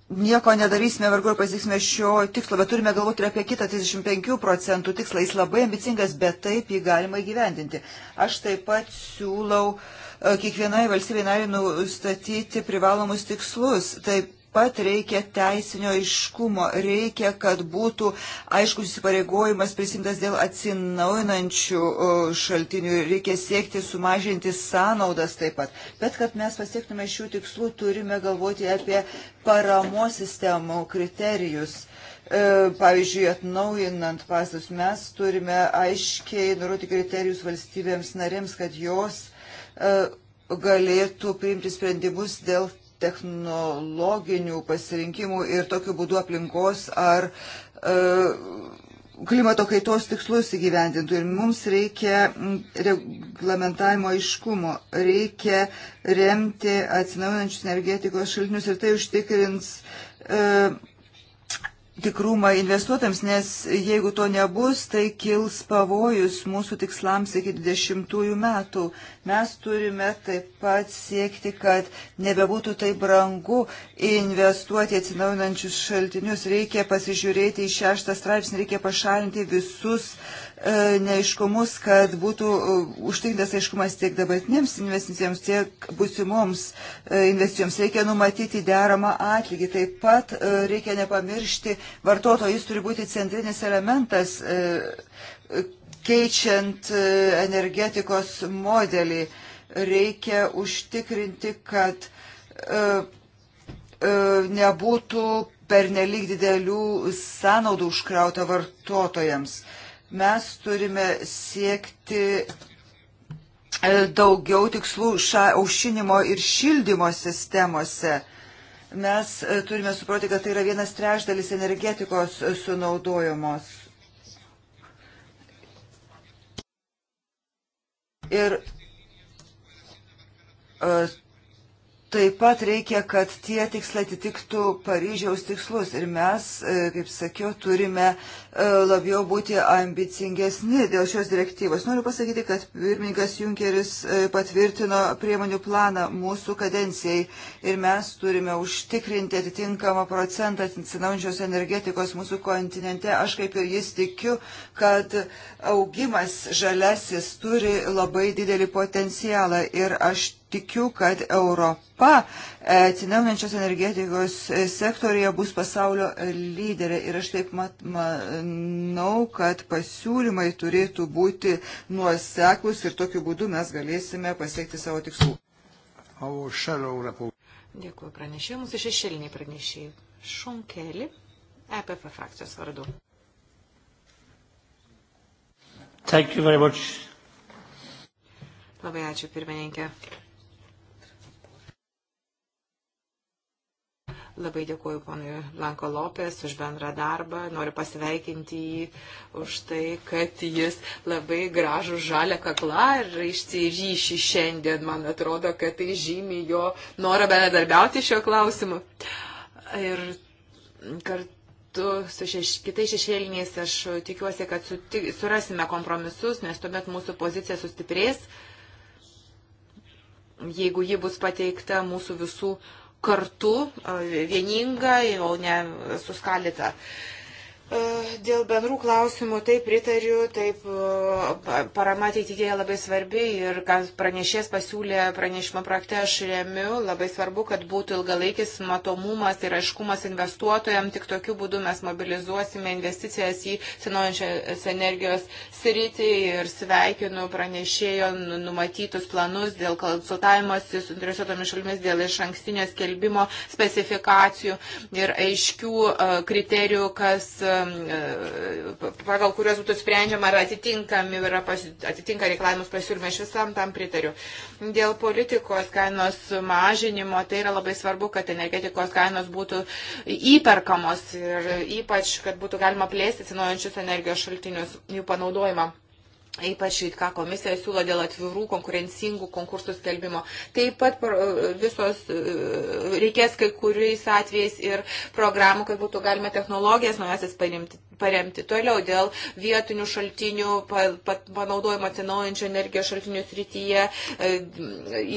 nieko nedarysime, vargu ar pasieksime šio tikslo, bet turime galvoti ir apie kitą 35 procentų tikslą. Jis labai ambicingas, bet taip jį galima įgyvendinti. Aš taip pat siūlau e, kiekvienai valstybei nariai nustatyti privalomus tikslus. Taip pat reikia teisinio aiškumo, reikia, kad būtų aiškus įsipareigojimas prisimtas dėl atsinaujinančių šaltinių, reikia siekti sumažinti sąnaudas taip pat. Bet kad mes pasiektume šių tikslų, turime galvoti apie paramos sistemų kriterijus. E, pavyzdžiui, atnaujinant pasus mes turime aiškiai nurodyti kriterijus valstybėms narėms, kad jos e, galėtų priimti sprendimus dėl technologinių pasirinkimų ir tokiu būdu aplinkos ar e, klimato kaitos tikslus įgyvendintų. Ir mums reikia reglamentavimo aiškumo, reikia remti atsinaujinančius energetikos šaltinius ir tai užtikrins e, tikrumą investuotams, nes jeigu to nebus, tai kils pavojus mūsų tikslams iki 20 metų. Mes turime taip pat siekti, kad nebebūtų taip brangu investuoti atsinaujinančius šaltinius. Reikia pasižiūrėti į šeštą straipsnį, reikia pašalinti visus uh, E, neiškumus, kad būtų e, užtikrintas aiškumas tiek dabartinėms investicijoms, tiek būsimoms e, investicijoms. Reikia numatyti deramą atlygį. Taip pat reikia nepamiršti vartotojo, jis turi būti centrinis elementas keičiant energetikos modelį. Reikia užtikrinti, kad nebūtų pernelyg didelių sąnaudų užkrauta vartotojams. Uh, Mes turime siekti e, daugiau tikslų ša, aušinimo ir šildymo sistemose. Mes e, turime suproti, kad tai yra vienas trešdalis energetikos sunaudojamos. Ir uh, Taip pat reikia, kad tie tikslai atitiktų Paryžiaus tikslus ir mes, e, kaip sakiau, turime e, labiau būti ambicingesni dėl šios direktyvos. Noriu pasakyti, kad pirmininkas Junkeris e, patvirtino priemonių planą mūsų kadencijai ir mes turime užtikrinti atitinkamą procentą atsinaujančios energetikos mūsų kontinente. Aš kaip ir jis tikiu, kad augimas žalesis turi labai didelį potencialą ir aš tikiu, kad Europa e, atsinaujinančios energetikos e, sektorija bus pasaulio lyderė. Ir aš taip mat, manau, kad pasiūlymai turėtų būti nuoseklus ir tokiu būdu mes galėsime pasiekti savo tikslų. Dėkuoju pranešėjai, mūsų šešėliniai pranešėjai. Šunkeli, EPF frakcijos vardu. Thank you very much. Labai ačiū pirmininkė. Labai dėkuoju ponui Blanko Lopės už bendrą darbą. Noriu pasveikinti jį už tai, kad jis labai gražų žalę kaklą ir išsiryšį šiandien. Man atrodo, kad tai žymi jo norą bendradarbiauti šio klausimu. Ir kartu kartu su šeš, kitais šešėliniais aš tikiuosi, kad suti, surasime kompromisus, nes tuomet mūsų pozicija sustiprės, jeigu ji bus pateikta mūsų visų kartu, vieninga, o ne suskalita. Uh, E, dėl bendrų klausimų taip pritariu, taip e, parama ateityje labai svarbi ir ką pranešės pasiūlė pranešimo projekte, aš remiu, labai svarbu, kad būtų ilgalaikis matomumas ir aiškumas investuotojams, tik tokiu būdu mes mobilizuosime investicijas į senojančios energijos sritį ir sveikinu pranešėjo numatytus planus dėl konsultavimosi su interesuotomis šalimis, dėl iš ankstinio skelbimo specifikacijų ir aiškių e, kriterijų, kas Um, uh, pagal kuriuos būtų sprendžiama, ar atitinkami yra, atitinka reikalavimus pasiūlymai, aš visam tam pritariu. Dėl politikos kainos mažinimo, tai yra labai svarbu, kad energetikos kainos būtų įperkamos ir ypač, kad būtų galima plėsti atsinaujančius energijos šaltinius, jų panaudojimą. Ypač ką komisija siūlo dėl atvirų konkurencingų konkursų skelbimo. Taip pat visos e, reikės kai kuriais atvejais ir programų, kad būtų galima technologijas naujasis paimti, paremti. Toliau dėl vietinių šaltinių panaudojimo atsinaujančio energijos šaltinių srityje e,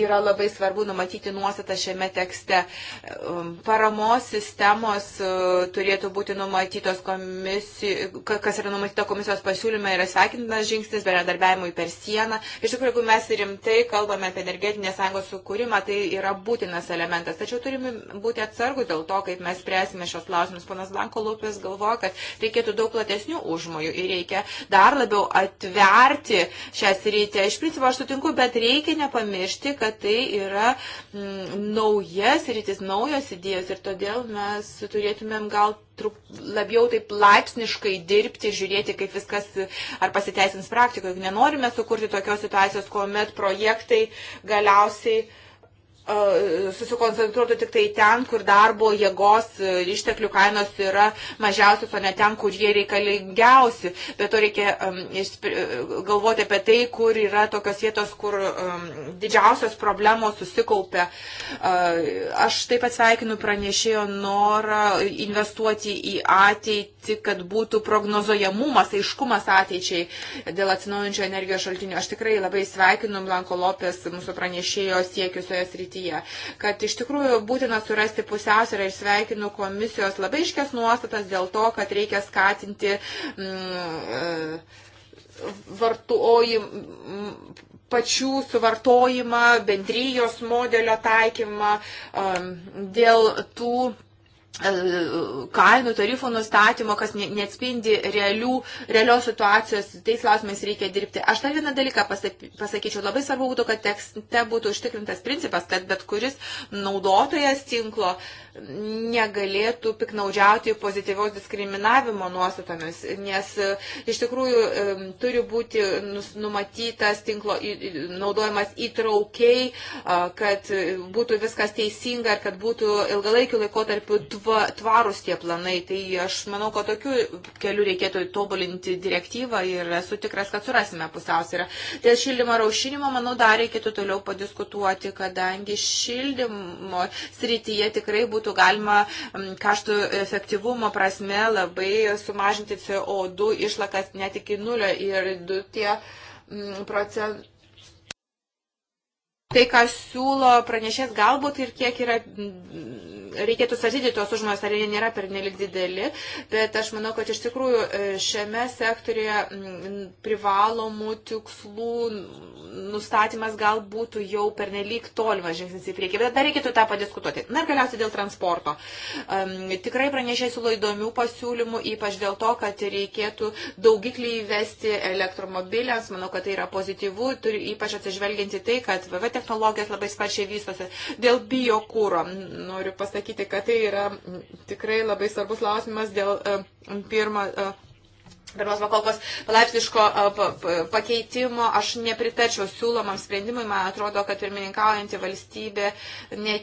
yra labai svarbu numatyti nuostatą šiame tekste. E, paramos sistemos e, turėtų būti numatytos komisijų, kas yra numatyta komisijos pasiūlyme, yra sveikintinas žingsnis bendradarbiavimui per sieną. Iš tikrųjų, jeigu mes rimtai kalbame apie energetinės sąjungos sukūrimą, tai yra būtinas elementas. Tačiau turime būti atsargus dėl to, kaip mes spręsime šios klausimus. Ponas Blanko Lūpės galvoja, kad reikėtų turėtų daug platesnių užmojų ir reikia dar labiau atverti šią sritį. Iš principo aš sutinku, bet reikia nepamiršti, kad tai yra m, mm, naujas rytis, naujos idėjos ir todėl mes turėtumėm gal trup, labiau taip laipsniškai dirbti, žiūrėti, kaip viskas ar pasiteisins praktikoje. Juk nenorime sukurti tokios situacijos, kuomet projektai galiausiai uh, susikoncentruotų tik tai ten, kur darbo jėgos e, išteklių kainos yra mažiausios, o ne ten, kur jie reikalingiausi. Bet to reikia um, galvoti apie tai, kur yra tokios vietos, kur um, didžiausios problemos susikaupia. Uh, aš taip pat sveikinu pranešėjo norą investuoti į ateitį, kad būtų prognozojamumas, aiškumas ateičiai dėl atsinaujančio energijos šaltinių. Aš tikrai labai sveikinu Blanko Lopės, mūsų pranešėjo siekiusioje srityje srityje, kad iš tikrųjų būtina surasti pusiausvyrą ir sveikinu komisijos labai iškes nuostatas dėl to, kad reikia skatinti mm, e, vartojimą mm, pačių suvartojimą, bendrijos modelio taikymą e, dėl tų E, kainų tarifų nustatymo, kas neatspindi realių, realios situacijos, tais klausimais reikia dirbti. Aš dar vieną dalyką pasakyčiau, labai svarbu būtų, kad tekste būtų užtikrintas principas, kad bet kuris naudotojas tinklo negalėtų piknaudžiauti pozityvios diskriminavimo nuostatomis, nes e, iš tikrųjų e, turi būti numatytas tinklo naudojimas įtraukiai, kad būtų viskas teisinga ir kad būtų ilgalaikiu laikotarpiu tvarka tvarūs tie planai. Tai aš manau, kad tokiu keliu reikėtų tobulinti direktyvą ir esu tikras, kad surasime pusiausvyrą. Dėl šildymo raušinimo, manau, dar reikėtų toliau padiskutuoti, kadangi šildymo srityje tikrai būtų galima kaštų efektyvumo prasme labai sumažinti CO2 išlakas net iki nulio ir du tie procentai. Tai, ką siūlo pranešės, galbūt ir kiek yra reikėtų svarstyti tos užmojus, ar jie nėra pernelik dideli, bet aš manau, kad iš tikrųjų e, šiame sektorėje privalomų tikslų nustatymas gal būtų jau pernelik tolimas žingsnis į priekį, bet dar reikėtų tą padiskutuoti. Na ir galiausiai dėl transporto. Tikrai pranešė siūlo įdomių pasiūlymų, ypač dėl to, kad reikėtų daugiklį įvesti elektromobiliams. Manau, kad tai yra pozityvu, turi ypač atsižvelginti tai, kad VV technologijos labai sparčiai vystosi. Dėl biokūro noriu pasakyti pasakyti, kad tai yra tikrai labai svarbus klausimas dėl e, pirmo e, pirmos pakolkos palaipsniško pakeitimo aš nepritačiau siūlomam sprendimui. Man atrodo, kad pirmininkaujanti valstybė, ne,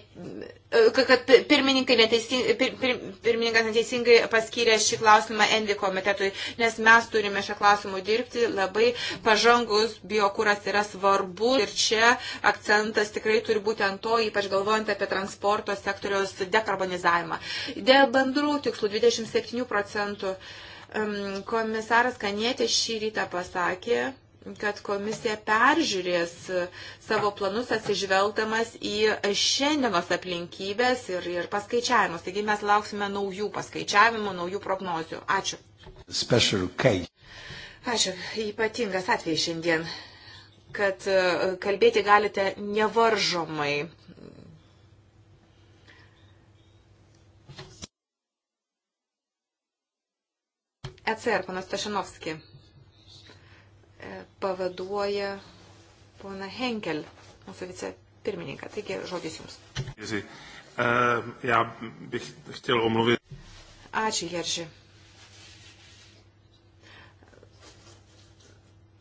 kad pirmininkai neteisi, pir, pir, pirmininkas neteisingai paskyrė šį klausimą Envi komitetui, nes mes turime šią klausimą dirbti. Labai pažangus biokūras yra svarbu ir čia akcentas tikrai turi būti ant to, ypač galvojant apie transporto sektoriaus dekarbonizavimą. Dėl bendrų tikslų 27 procentų. Uh, Komisaras Kanietė šį rytą pasakė, kad komisija peržiūrės savo planus atsižvelgdamas į šiandienos aplinkybės ir, ir paskaičiavimus. Taigi mes lauksime naujų paskaičiavimų, naujų prognozių. Ačiū. Ačiū. Ypatingas atvejis šiandien, kad e, kalbėti galite nevaržomai. ECR, panas Tašinovski, e, pavaduoja pona Henkel, mūsų vicepirmininką. Taigi, žodis jums. E, Ačiū, Jerži.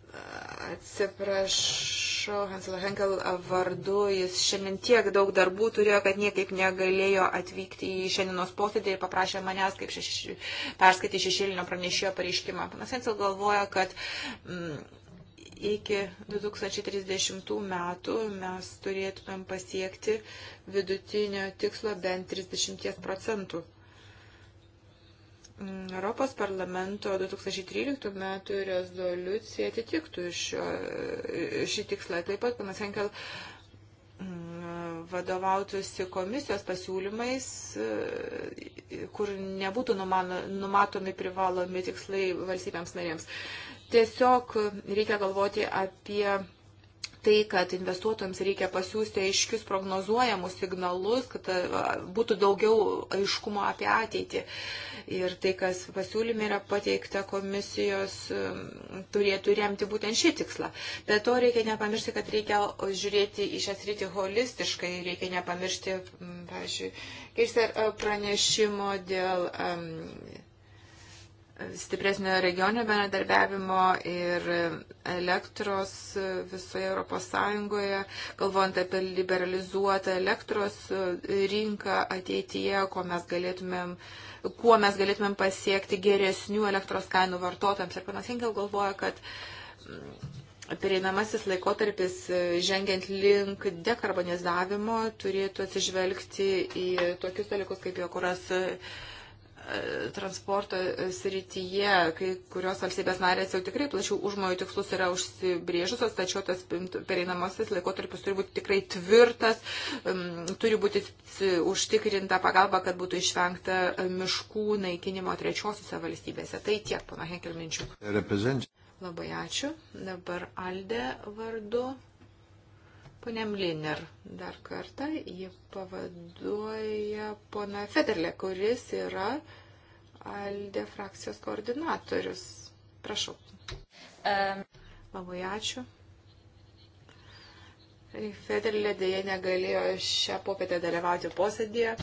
E, atsiprašau Hansel Henkel vardu. Jis šiandien tiek daug darbų turėjo, kad niekaip negalėjo atvykti į šiandienos posėdį ir paprašė manęs, kaip šeši, perskaityti šešėlinio pranešėjo pareiškimą. Panas Hansel galvoja, kad. Mm, iki 2030 metų mes turėtumėm pasiekti vidutinio tikslo bent 30 procentų. Europos parlamento 2013 metų rezoliucija atitiktų šio, šį tikslą. Taip pat panas Henkel mm, vadovautųsi komisijos pasiūlymais, e, kur nebūtų numatomi privalomi tikslai valstybėms narėms. Tiesiog reikia galvoti apie tai, kad investuotojams reikia pasiūsti aiškius prognozuojamus signalus, kad būtų daugiau aiškumo apie ateitį. Ir tai, kas pasiūlyme yra pateikta komisijos, turėtų remti būtent šį tikslą. Bet to reikia nepamiršti, kad reikia žiūrėti į šią sritį holistiškai, reikia nepamiršti, pavyzdžiui, keisti pranešimo dėl. Um, stipresnio regioninio bendradarbiavimo ir elektros visoje Europos Sąjungoje, galvojant apie liberalizuotą elektros rinką ateityje, ko mes galėtumėm, kuo mes galėtumėm pasiekti geresnių elektros kainų vartotojams ir panašiai, gal galvoja, kad mm, pereinamasis laikotarpis e, žengiant link dekarbonizavimo turėtų atsižvelgti į tokius dalykus kaip jo kuras transporto srityje, kai kurios valstybės narės jau tikrai plačių užmojų tikslus yra užsibrėžusios, tačiau tas pereinamasis laikotarpis turi būti tikrai tvirtas, um, turi būti užtikrinta pagalba, kad būtų išvengta e, miškų naikinimo trečiosiuose valstybėse. Tai tiek, pana Henkel, minčių. Labai ačiū. Dabar Alde vardu Poniam Liner dar kartą, ji pavaduoja pona Federle, kuris yra Alde frakcijos koordinatorius. Prašau. Um. Labai ačiū. Federle dėje negalėjo šią popietę dalyvauti posėdėje.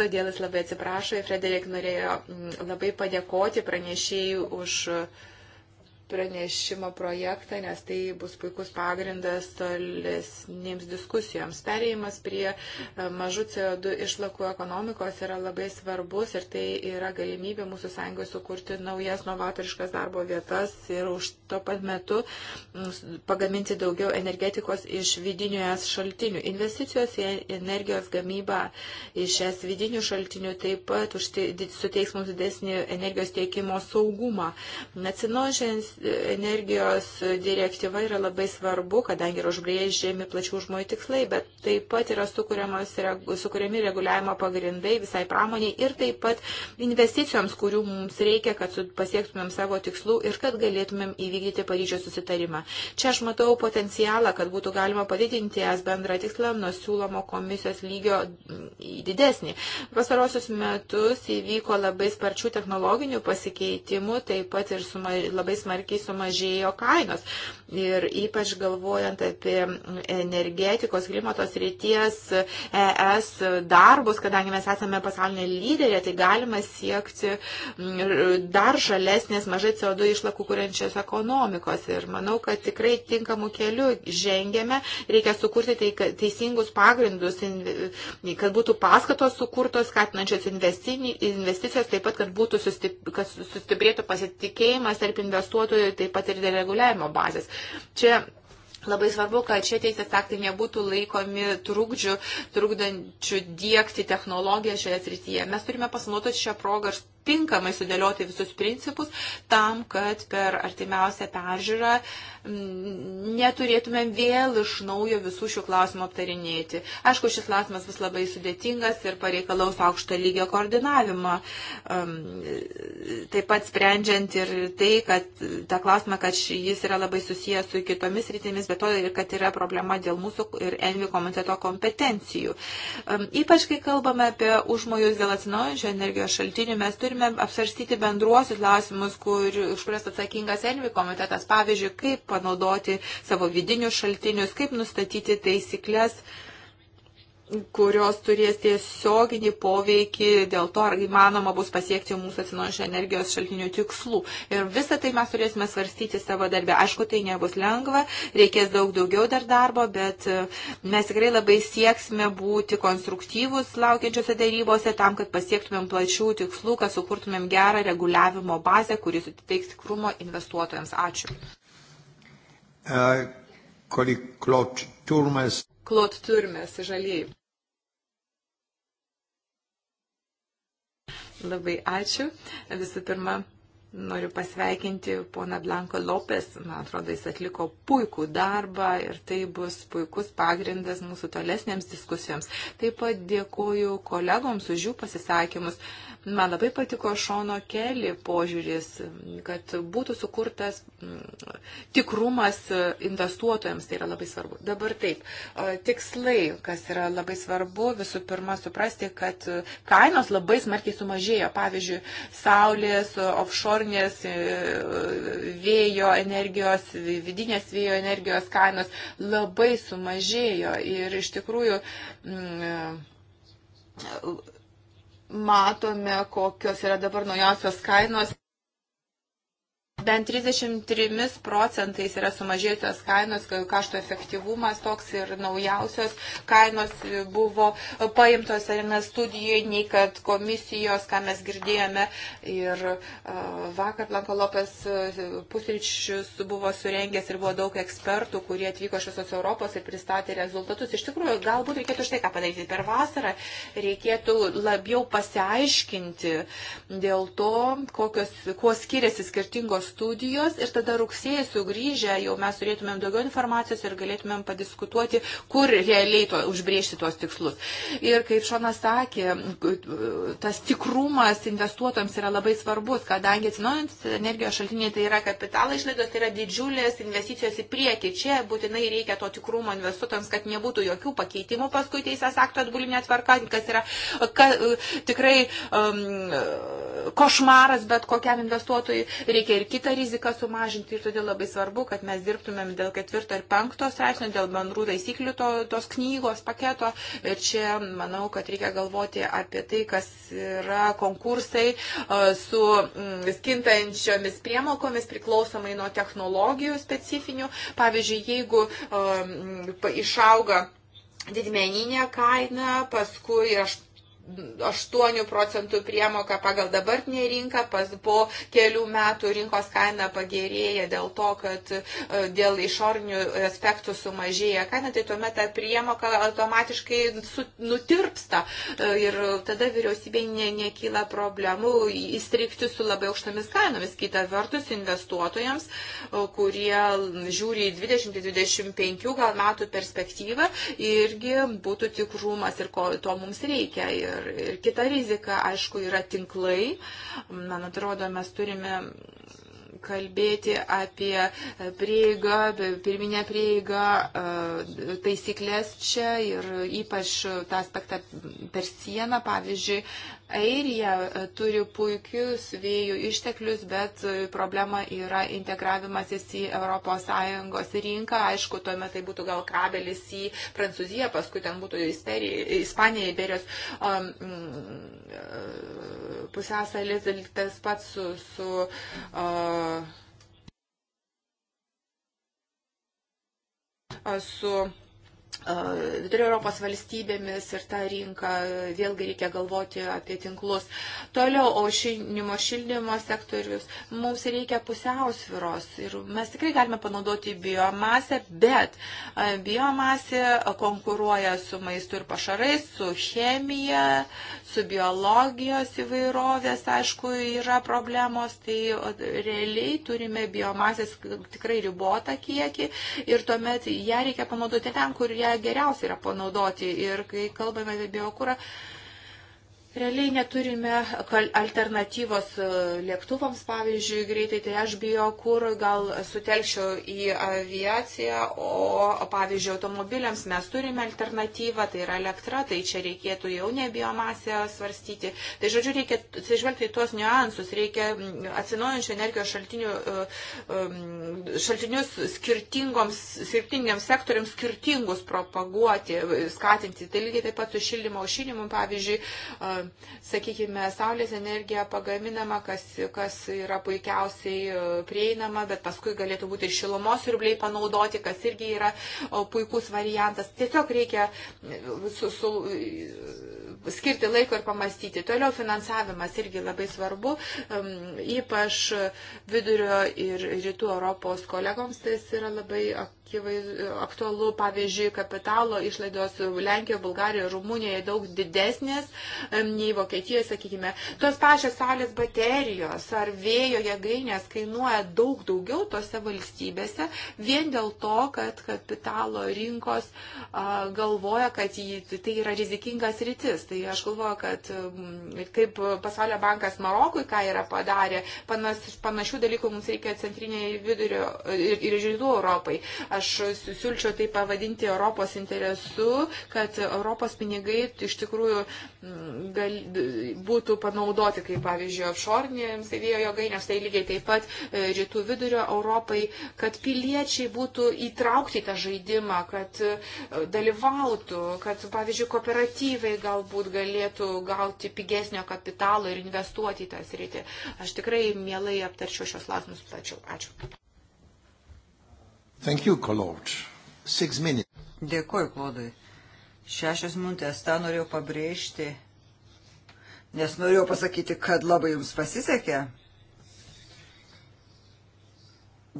Todėl jis labai atsiprašo ir Frederik norėjo mm, labai padėkoti pranešėjų už uh, pranešimo projektą, nes tai bus puikus pagrindas tolesnėms diskusijoms. Perėjimas prie e, mažų CO2 išlakų ekonomikos yra labai svarbus ir tai yra galimybė mūsų sąjungai sukurti naujas novatoriškas darbo vietas ir užtikrinti tuo pat metu mm, pagaminti daugiau energetikos iš vidinių es šaltinių. Investicijos į energijos gamybą iš es vidinių šaltinių taip pat suteiks mums didesnį energijos tiekimo saugumą. Atsinaužęs e, energijos direktyva yra labai svarbu, kadangi yra užbrėžiami plačių žmonių tikslai, bet taip pat yra sukūriami reguliavimo pagrindai visai pramoniai ir taip pat investicijoms, kurių mums reikia, kad pasiektumėm savo tikslų ir kad galėtumėm įvykdyti įvykdyti Paryžiaus susitarimą. Čia aš matau potencialą, kad būtų galima padidinti es bendrą tikslą nuo siūlomo komisijos lygio į didesnį. Pasarosius metus įvyko labai sparčių technologinių pasikeitimų, taip pat ir suma, labai smarkiai sumažėjo kainos. Ir ypač galvojant apie energetikos, klimatos ryties, ES darbus, kadangi mes esame pasaulinė lyderė, tai galima siekti dar žalesnės, mažai CO2 išlakų kuriančios ekonomikos ekonomikos. Ir manau, kad tikrai tinkamų kelių žengėme. Reikia sukurti teisingus pagrindus, kad būtų paskatos sukurtos, skatinančios investicijas, taip pat, kad, būtų sustip, kad sustiprėtų pasitikėjimas tarp investuotojų, taip pat ir reguliavimo bazės. Čia Labai svarbu, kad šie teisės aktai nebūtų laikomi trukdžių, trukdančių dėkti technologiją šioje srityje. Mes turime pasinaudoti šią progą ir tinkamai sudėlioti visus principus tam, kad per artimiausią peržiūrą uh, neturėtumėm vėl iš naujo visų šių klausimų aptarinėti. Aišku, šis klausimas bus labai sudėtingas ir pareikalaus aukšto lygio koordinavimo. Um, taip pat sprendžiant ir tai, kad tą klausimą, kad jis yra labai susijęs su kitomis rytimis, bet to ir kad yra problema dėl mūsų ir Envi komiteto kompetencijų. Um, ypač, kai kalbame apie užmojus dėl atsinaujančio energijos šaltinių, mes turime apsvarstyti bendruosius klausimus, kur, už kurias atsakingas Envi komitetas. Pavyzdžiui, kaip panaudoti savo vidinius šaltinius, kaip nustatyti taisyklės kurios turės tiesioginį poveikį, dėl to ar įmanoma bus pasiekti mūsų atsinaujančio energijos šaltinių tikslų. Ir visą tai mes turėsime svarstyti savo darbę. Aišku, tai nebus lengva, reikės daug daugiau dar darbo, bet e, mes tikrai labai sieksime būti konstruktyvus laukiančiose darybose tam, kad pasiektumėm plačių tikslų, kad sukurtumėm gerą reguliavimo bazę, kuris suteiks tikrumo investuotojams. Ačiū. Klot uh, Turmes. Klot Turmes, žaliai. Labai ačiū. Visų pirma, Noriu pasveikinti poną Blanko Lopes, man atrodo, jis atliko puikų darbą ir tai bus puikus pagrindas mūsų tolesnėms diskusijoms. Taip pat dėkoju kolegoms už jų pasisakymus. Man labai patiko Šono Keli požiūris, kad būtų sukurtas mm, tikrumas e, investuotojams, tai yra labai svarbu. Dabar taip, e, tikslai, kas yra labai svarbu, visų pirma, suprasti, kad e, kainos labai smarkiai sumažėjo. Pavyzdžiui, saulės, offshore'nės, vėjo energijos, vidinės vėjo energijos kainos labai sumažėjo. Ir iš tikrųjų, m, mm, matome, kokios yra dabar naujausios kainos bent 33 procentais yra sumažėjusios kainos, kašto efektyvumas toks ir naujausios kainos buvo paimtos arena studijoje, nei kad komisijos, ką mes girdėjome. Ir vakar Blanko Lopes pusryčius buvo surengęs ir buvo daug ekspertų, kurie atvyko iš visos Europos ir pristatė rezultatus. Iš tikrųjų, galbūt reikėtų štai ką padaryti. Per vasarą reikėtų labiau pasiaiškinti dėl to, kokios, kuo skiriasi skirtingos studijos ir tada rugsėjai sugrįžę jau mes turėtumėm daugiau informacijos ir galėtumėm padiskutuoti, kur realiai to, užbriežti tuos tikslus. Ir kaip Šonas sakė, tas tikrumas investuotojams yra labai svarbus, kadangi atsinaujantis energijos šaltiniai tai yra kapitalo išlaidos, tai yra didžiulės investicijos į priekį. Čia būtinai reikia to tikrumo investuotojams, kad nebūtų jokių pakeitimų paskui teisės akto atbulinė tvarka, kas yra ka, tikrai um, košmaras bet kokiam investuotojui, reikia ir kitą riziką sumažinti ir todėl labai svarbu, kad mes dirbtumėm dėl ketvirto ir penkto straipsnio, dėl bendrų taisyklių to, tos knygos paketo ir čia manau, kad reikia galvoti apie tai, kas yra konkursai e, su mm, skintančiomis priemokomis priklausomai nuo technologijų specifinių. Pavyzdžiui, jeigu e, išauga didmeninė kaina, paskui aš 8 procentų priemoka pagal dabartinę rinką, pas, po kelių metų rinkos kaina pagerėja dėl to, kad e, dėl išorinių aspektų sumažėja kaina, tai tuomet ta priemoka automatiškai su, nutirpsta e, ir tada vyriausybė ne, nekyla problemų įstrikti su labai aukštomis kainomis. Kita vertus, investuotojams, kurie žiūri 20-25 gal metų perspektyvą, irgi būtų tikrumas ir ko, to mums reikia. Ir Ir, ir kita rizika, aišku, yra tinklai. Man atrodo, mes turime kalbėti apie prieigą, pirminę prieigą, e, taisyklės čia ir ypač tą aspektą per sieną, pavyzdžiui, Airija e, turi puikius vėjų išteklius, bet problema yra integravimasis į ES rinką. Aišku, tuomet tai būtų gal kabelis į Prancūziją, paskui ten būtų Ispanija, Iberijos um, pusęsalis tas pats su, su uh, su vidurio Europos valstybėmis ir tą rinką, vėlgi reikia galvoti apie tinklus. Toliau, aušinimo šildymo sektorius, mums reikia pusiausviros ir mes tikrai galime panaudoti biomasę, bet biomasė konkuruoja su maistu ir pašarais, su chemija, su biologijos įvairovės, aišku, yra problemos, tai realiai turime biomasės tikrai ribotą kiekį ir tuomet ją reikia panaudoti ten, kur jie geriausiai yra panaudoti. Ir kai kalbame apie biokūrą, Realiai neturime alternatyvos e, lėktuvams, pavyzdžiui, greitai, tai aš bijau, kur gal sutelkščiau į aviaciją, o pavyzdžiui, automobiliams mes turime alternatyvą, tai yra elektra, tai čia reikėtų jau ne biomasę svarstyti. Tai žodžiu, reikia atsižvelgti į tuos niuansus, reikia mm, atsinaujančių energijos šaltinių, e, e, mm, šaltinius skirtingiams sektoriams skirtingus propaguoti, skatinti. Tai lygiai taip pat su šildymo aušinimu, pavyzdžiui, sakykime, saulės energija pagaminama, kas, kas yra puikiausiai e, prieinama, bet paskui galėtų būti ir šilumos siurbliai panaudoti, kas irgi yra puikus variantas. Tiesiog reikia e, su, su, skirti laiko ir pamastyti. Toliau finansavimas irgi labai svarbu, ypač vidurio ir rytų Europos kolegoms tai yra labai aktualu. Pavyzdžiui, kapitalo išlaidos Lenkijoje, Bulgarijoje, Rumunijoje daug didesnės nei Vokietijoje, sakykime. Tos pačios saulės baterijos ar vėjo jėgainės kainuoja daug daugiau tose valstybėse vien dėl to, kad kapitalo rinkos galvoja, kad tai yra rizikingas rytis. Tai aš galvoju, kad mm, kaip Pasaulio bankas Marokui, ką yra padarė, panas, panašių dalykų mums reikia centrinėje vidurio ir, ir žydų Europai. Aš siūlyčiau tai pavadinti Europos interesu, kad Europos pinigai iš tikrųjų gal, būtų panaudoti, kaip pavyzdžiui, offshore'inėms vėjo jėgainėms, tai lygiai taip pat e, rytų vidurio Europai, kad piliečiai būtų įtraukti į tą žaidimą, kad e, dalyvautų, kad, pavyzdžiui, kooperatyvai galbūt galėtų gauti pigesnio kapitalo ir investuoti į tą sritį. Aš tikrai mielai aptarčiau šios klausimus plačiau. Ačiū. Thank you, Kolauč. Six minutes. Dėkuoju, Klodai. Šešios minutės, tą norėjau pabrėžti, nes norėjau pasakyti, kad labai jums pasisekė.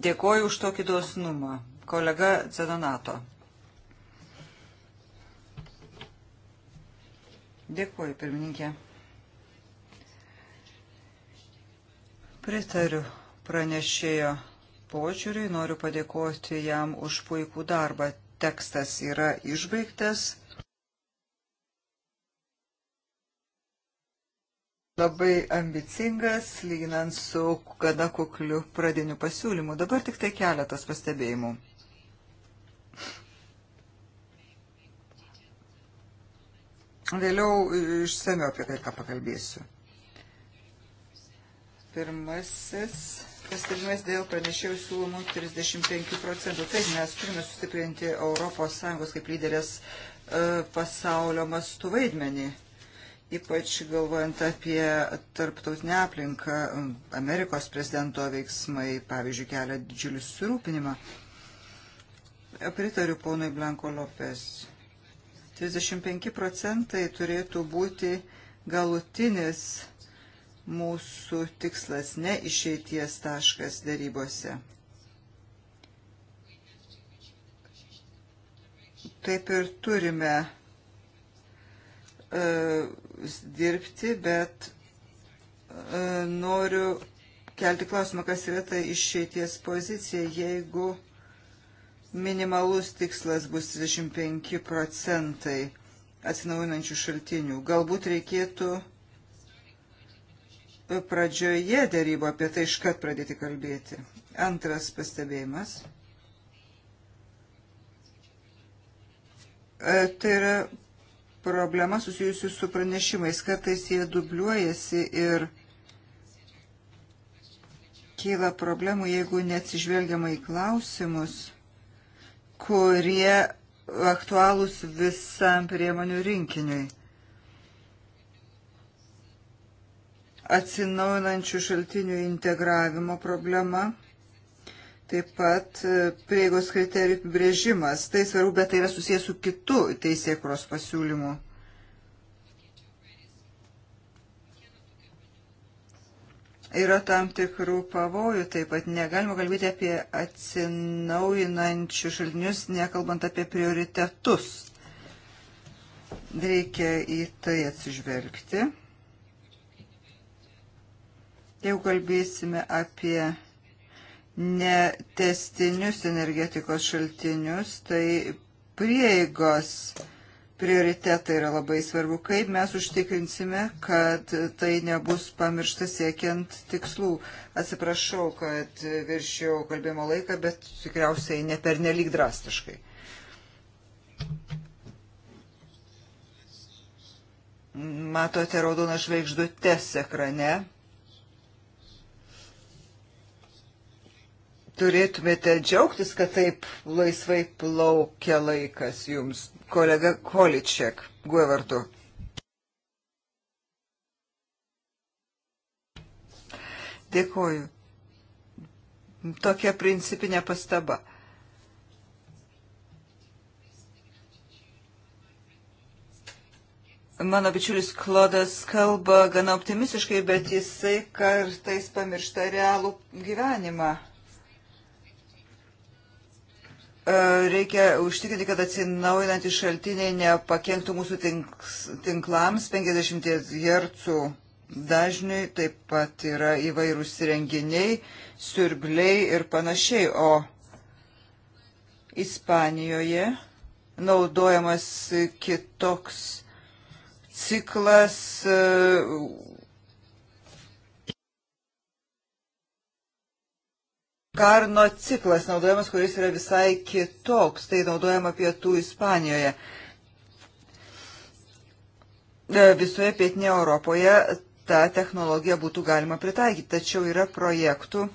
Dėkoju už tokį dosnumą, kolega Cedonato. Dėkuoju, pirmininkė. Pritariu pranešėjo požiūriui, noriu padėkoti jam už puikų darbą. Tekstas yra išbaigtas, labai ambicingas, lyginant su kada kukliu pradiniu pasiūlymu. Dabar tik tai keletas pastebėjimų. Vėliau išsamiau apie tai, ką pakalbėsiu. Pirmasis pastebimas dėl pranešėjų siūlomų 35 procentų. Taip, mes turime sustiprinti ES kaip lyderės e, pasaulio mastų vaidmenį ypač galvojant apie tarptautinę aplinką, Amerikos prezidento veiksmai, pavyzdžiui, kelia didžiulį susirūpinimą. Pritariu ponui Blanko Lopes. 35 procentai turėtų būti galutinis mūsų tikslas, ne išeities taškas darybose. Taip ir turime E, dirbti, bet e, noriu kelti klausimą, kas yra ta išeities pozicija, jeigu minimalus tikslas bus 35 procentai atsinaujinančių šaltinių. Galbūt reikėtų pradžioje dėrybo apie tai iškart pradėti kalbėti. Antras pastebėjimas. E, tai yra problema susijusi su pranešimais. Kartais jie dubliuojasi ir kyla problemų, jeigu neatsižvelgiama į klausimus, kurie aktualūs visam priemonių rinkiniui. Atsinaujinančių šaltinių integravimo problema – Taip pat e, prieigos kriterijų apibrėžimas. Tai svarbu, bet tai yra susijęs su kitu teisėkuros pasiūlymu. Yra tam tikrų pavojų, taip pat negalima kalbėti apie atsinaujinančių šaltinius, nekalbant apie prioritetus. Reikia į tai atsižvelgti. Jeigu kalbėsime apie netestinius energetikos šaltinius, tai prieigos prioritetai yra labai svarbu. Kaip mes užtikrinsime, kad tai nebus pamiršta siekiant tikslų. Atsiprašau, kad viršiau kalbėjimo laiką, bet tikriausiai ne per nelik drastiškai. Matote raudoną žvaigždutes ekrane. turėtumėte džiaugtis, kad taip laisvai plaukia laikas jums, kolega Količek, guevartu. Dėkoju. Tokia principinė pastaba. Mano bičiulis Klodas kalba gana optimistiškai, bet jisai kartais pamiršta realų gyvenimą. E, reikia užtikrinti, kad atsinaujinantys šaltiniai nepakenktų mūsų tinklams 50 Hz dažniui, taip pat yra įvairūs renginiai, siurbliai ir panašiai. O Ispanijoje naudojamas kitoks ciklas e, Karno ciklas naudojamas, kuris yra visai kitoks, tai naudojama pietų Ispanijoje. E, visoje pietinėje Europoje tą technologiją būtų galima pritaikyti, tačiau yra projektų,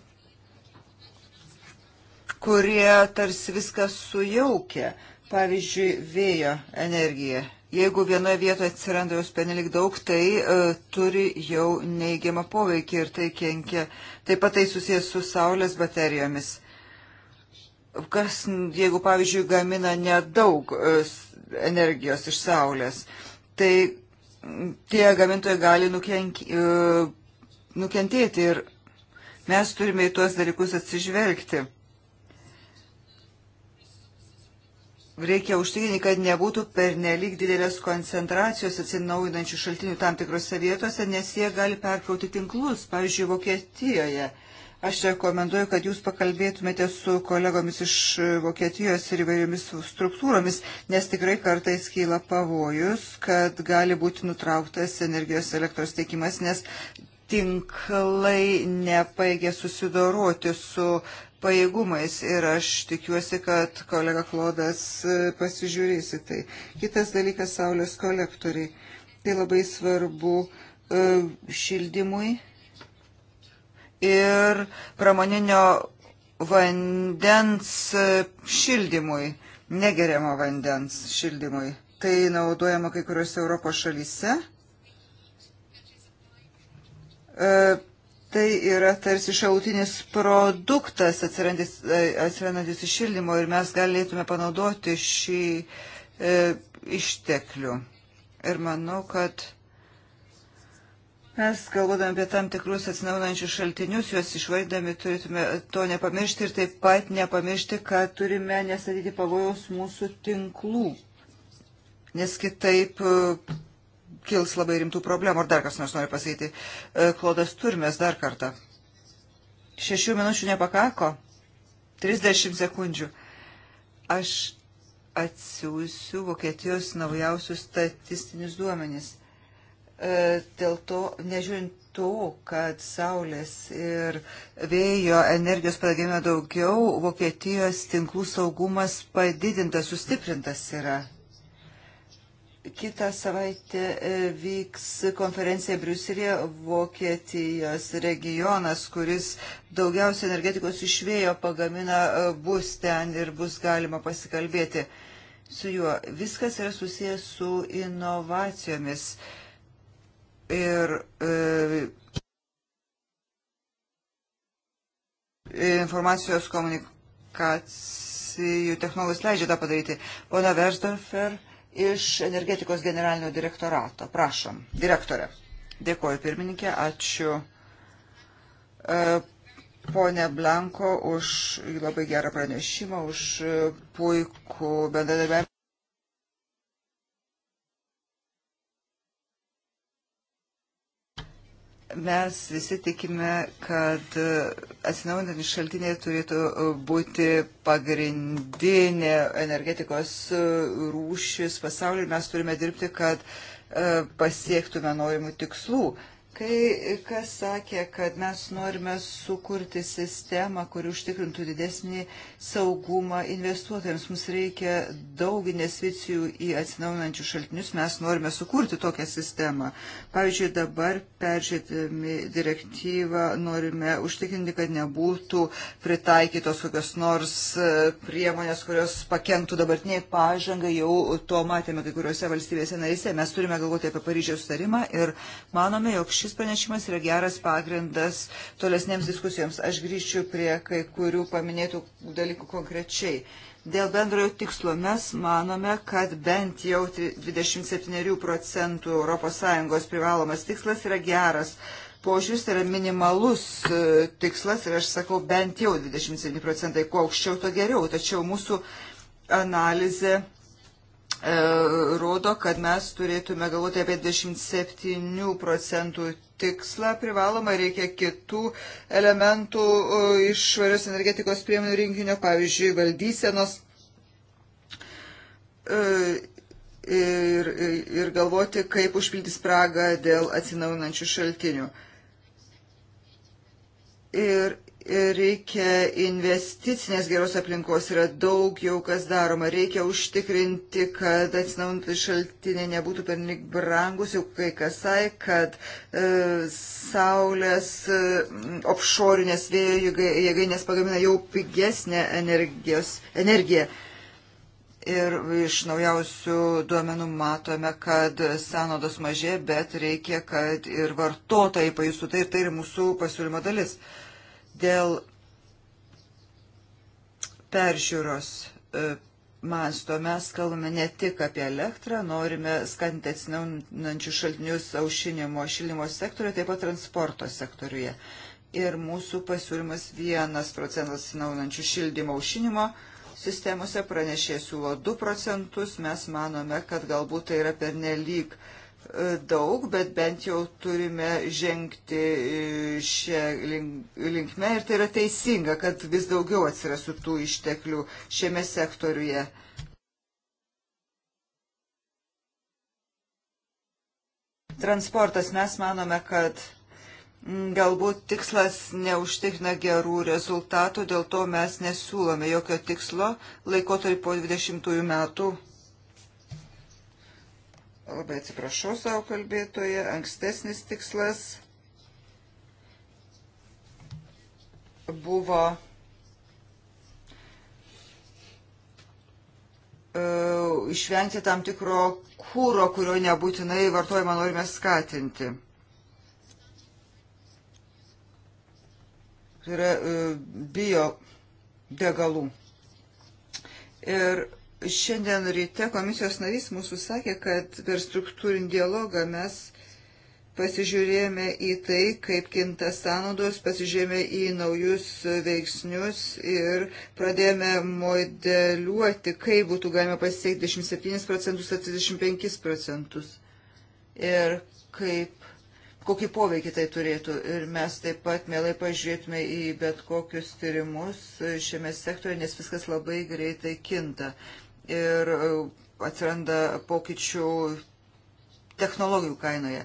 kurie tarsi viskas sujaukia, pavyzdžiui, vėjo energija Jeigu vienoje vietoje atsiranda jos penelik daug, tai e, turi jau neigiamą poveikį ir tai kenkia. Taip pat tai susijęs su saulės baterijomis. Kas, jeigu pavyzdžiui, gamina nedaug e, energijos iš saulės, tai tie gamintojai gali nukenk, e, nukentėti ir mes turime į tuos dalykus atsižvelgti. reikia užtikrinti, kad nebūtų pernelyg didelės koncentracijos atsinaujinančių šaltinių tam tikrose vietose, nes jie gali perkrauti tinklus, pavyzdžiui, Vokietijoje. Aš rekomenduoju, kad jūs pakalbėtumėte su kolegomis iš Vokietijos ir įvairiomis struktūromis, nes tikrai kartais kyla pavojus, kad gali būti nutrauktas energijos elektros teikimas, nes tinklai nepaigė susidoroti su pajėgumais ir aš tikiuosi, kad kolega Klodas e, pasižiūrės į tai. Kitas dalykas - saulės kolektoriai. Tai labai svarbu e, šildymui ir pramoninio vandens e, šildymui, negeriamo vandens šildymui. Tai naudojama kai kuriuose Europos šalyse tai yra tarsi šalutinis produktas e, atsirandantis iš šildymo ir mes galėtume panaudoti šį e, išteklių. Ir manau, kad Mes, galvodami apie tam tikrus atsinaujančius šaltinius, juos išvaidami, turėtume to nepamiršti ir taip pat nepamiršti, kad turime nestatyti pavojaus mūsų tinklų, nes kitaip kils labai rimtų problemų. Ar dar kas nors nori pasakyti? E, Klodas Turmės dar kartą. Šešių minučių nepakako? 30 sekundžių. Aš atsiųsiu Vokietijos naujausius statistinius duomenys. E, dėl to, nežiūrint to, kad saulės ir vėjo energijos padaugėjo daugiau, Vokietijos tinklų saugumas padidintas, sustiprintas yra Kita savaitė e, vyks konferencija Briuselėje Vokietijos regionas, kuris daugiausia energetikos iš vėjo pagamina, e, bus ten ir bus galima pasikalbėti su juo. Viskas yra susijęs su inovacijomis. Ir e, informacijos komunikacijų technologijos leidžia tą padaryti. Pona Versdorfer iš energetikos generalinio direktorato. Prašom, direktorė. Dėkoju pirmininkė, ačiū e, ponė Blanko už labai gerą pranešimą, už e, puikų bendradarbiavimą. Mes visi tikime, kad atsinaujinami šaltiniai turėtų būti pagrindinė energetikos rūšis pasaulyje ir mes turime dirbti, kad e, pasiektume norimų tikslų. Kai kas sakė, kad mes norime sukurti sistemą, kuri užtikrintų didesnį saugumą investuotojams, mums reikia daug investicijų į atsinaujinančių šaltinius, mes norime sukurti tokią sistemą. Pavyzdžiui, dabar peržiūrėdami direktyvą norime užtikrinti, kad nebūtų pritaikytos kokios nors e, priemonės, kurios pakentų dabartiniai pažangai, jau to matėme kai kuriuose valstybėse narise. Mes turime galvoti apie Paryžiaus sutarimą ir manome, jog ši šis pranešimas yra geras pagrindas tolesnėms diskusijoms. Aš grįžčiau prie kai kurių paminėtų dalykų konkrečiai. Dėl bendrojo tikslo mes manome, kad bent jau 27 procentų ES privalomas tikslas yra geras. Požiūris tai yra minimalus e, tikslas ir aš sakau bent jau 27 procentai, kuo aukščiau, to geriau. Tačiau mūsų analizė E, rodo, kad mes turėtume galvoti apie 27 procentų tikslą privalomą, reikia kitų elementų e, iš švarios energetikos priemonių rinkinio, pavyzdžiui, valdysenos e, ir, ir galvoti, kaip užpildyti spragą dėl atsinaujinančių šaltinių. Ir reikia investicinės geros aplinkos, yra daug jau kas daroma, reikia užtikrinti, kad atsinaujantys šaltiniai nebūtų pernik brangus, jau kai kasai, kad e, saulės e, offshore'inės vėjo jėgainės pagamina jau pigesnę energijos, energiją. Ir iš naujausių duomenų matome, kad senodos mažė, bet reikia, kad ir vartotojai pajustų tai ir tai yra mūsų pasiūlymo dalis. E, Dėl peržiūros e, masto mes kalbame ne tik apie elektrą, norime skanti atsinaunančių šaltinius aušinimo šildymo sektoriuje, taip pat transporto sektoriuje. Ir mūsų pasiūlymas vienas procentas atsinaunančių šildymo aušinimo sistemose pranešė siūlo 2 procentus, mes manome, kad galbūt tai yra pernelyg uh, daug, bet bent jau turime žengti e, šią linkmę ir tai yra teisinga, kad vis daugiau atsirastų tų išteklių šiame sektoriuje. Transportas mes manome, kad mm, galbūt tikslas neužtikrina gerų rezultatų, dėl to mes nesiūlome jokio tikslo laikotarpio po 20 metų Labai atsiprašau savo kalbėtoje. Ankstesnis tikslas buvo uh, išvengti tam tikro kūro, kurio nebūtinai vartojimą norime skatinti. Tai yra uh, e, bio degalų. Ir Šiandien ryte komisijos narys mūsų sakė, kad per struktūrinį dialogą mes pasižiūrėjome į tai, kaip kinta sąnaudos, pasižiūrėjome į naujus veiksnius ir pradėjome modeliuoti, kaip būtų galima pasiekti 27 procentus ar 35 procentus. Ir kaip kokį poveikį tai turėtų. Ir mes taip pat mielai pažiūrėtume į bet kokius tyrimus šiame sektorėje, nes viskas labai greitai kinta ir e, atsiranda pokyčių technologijų kainoje.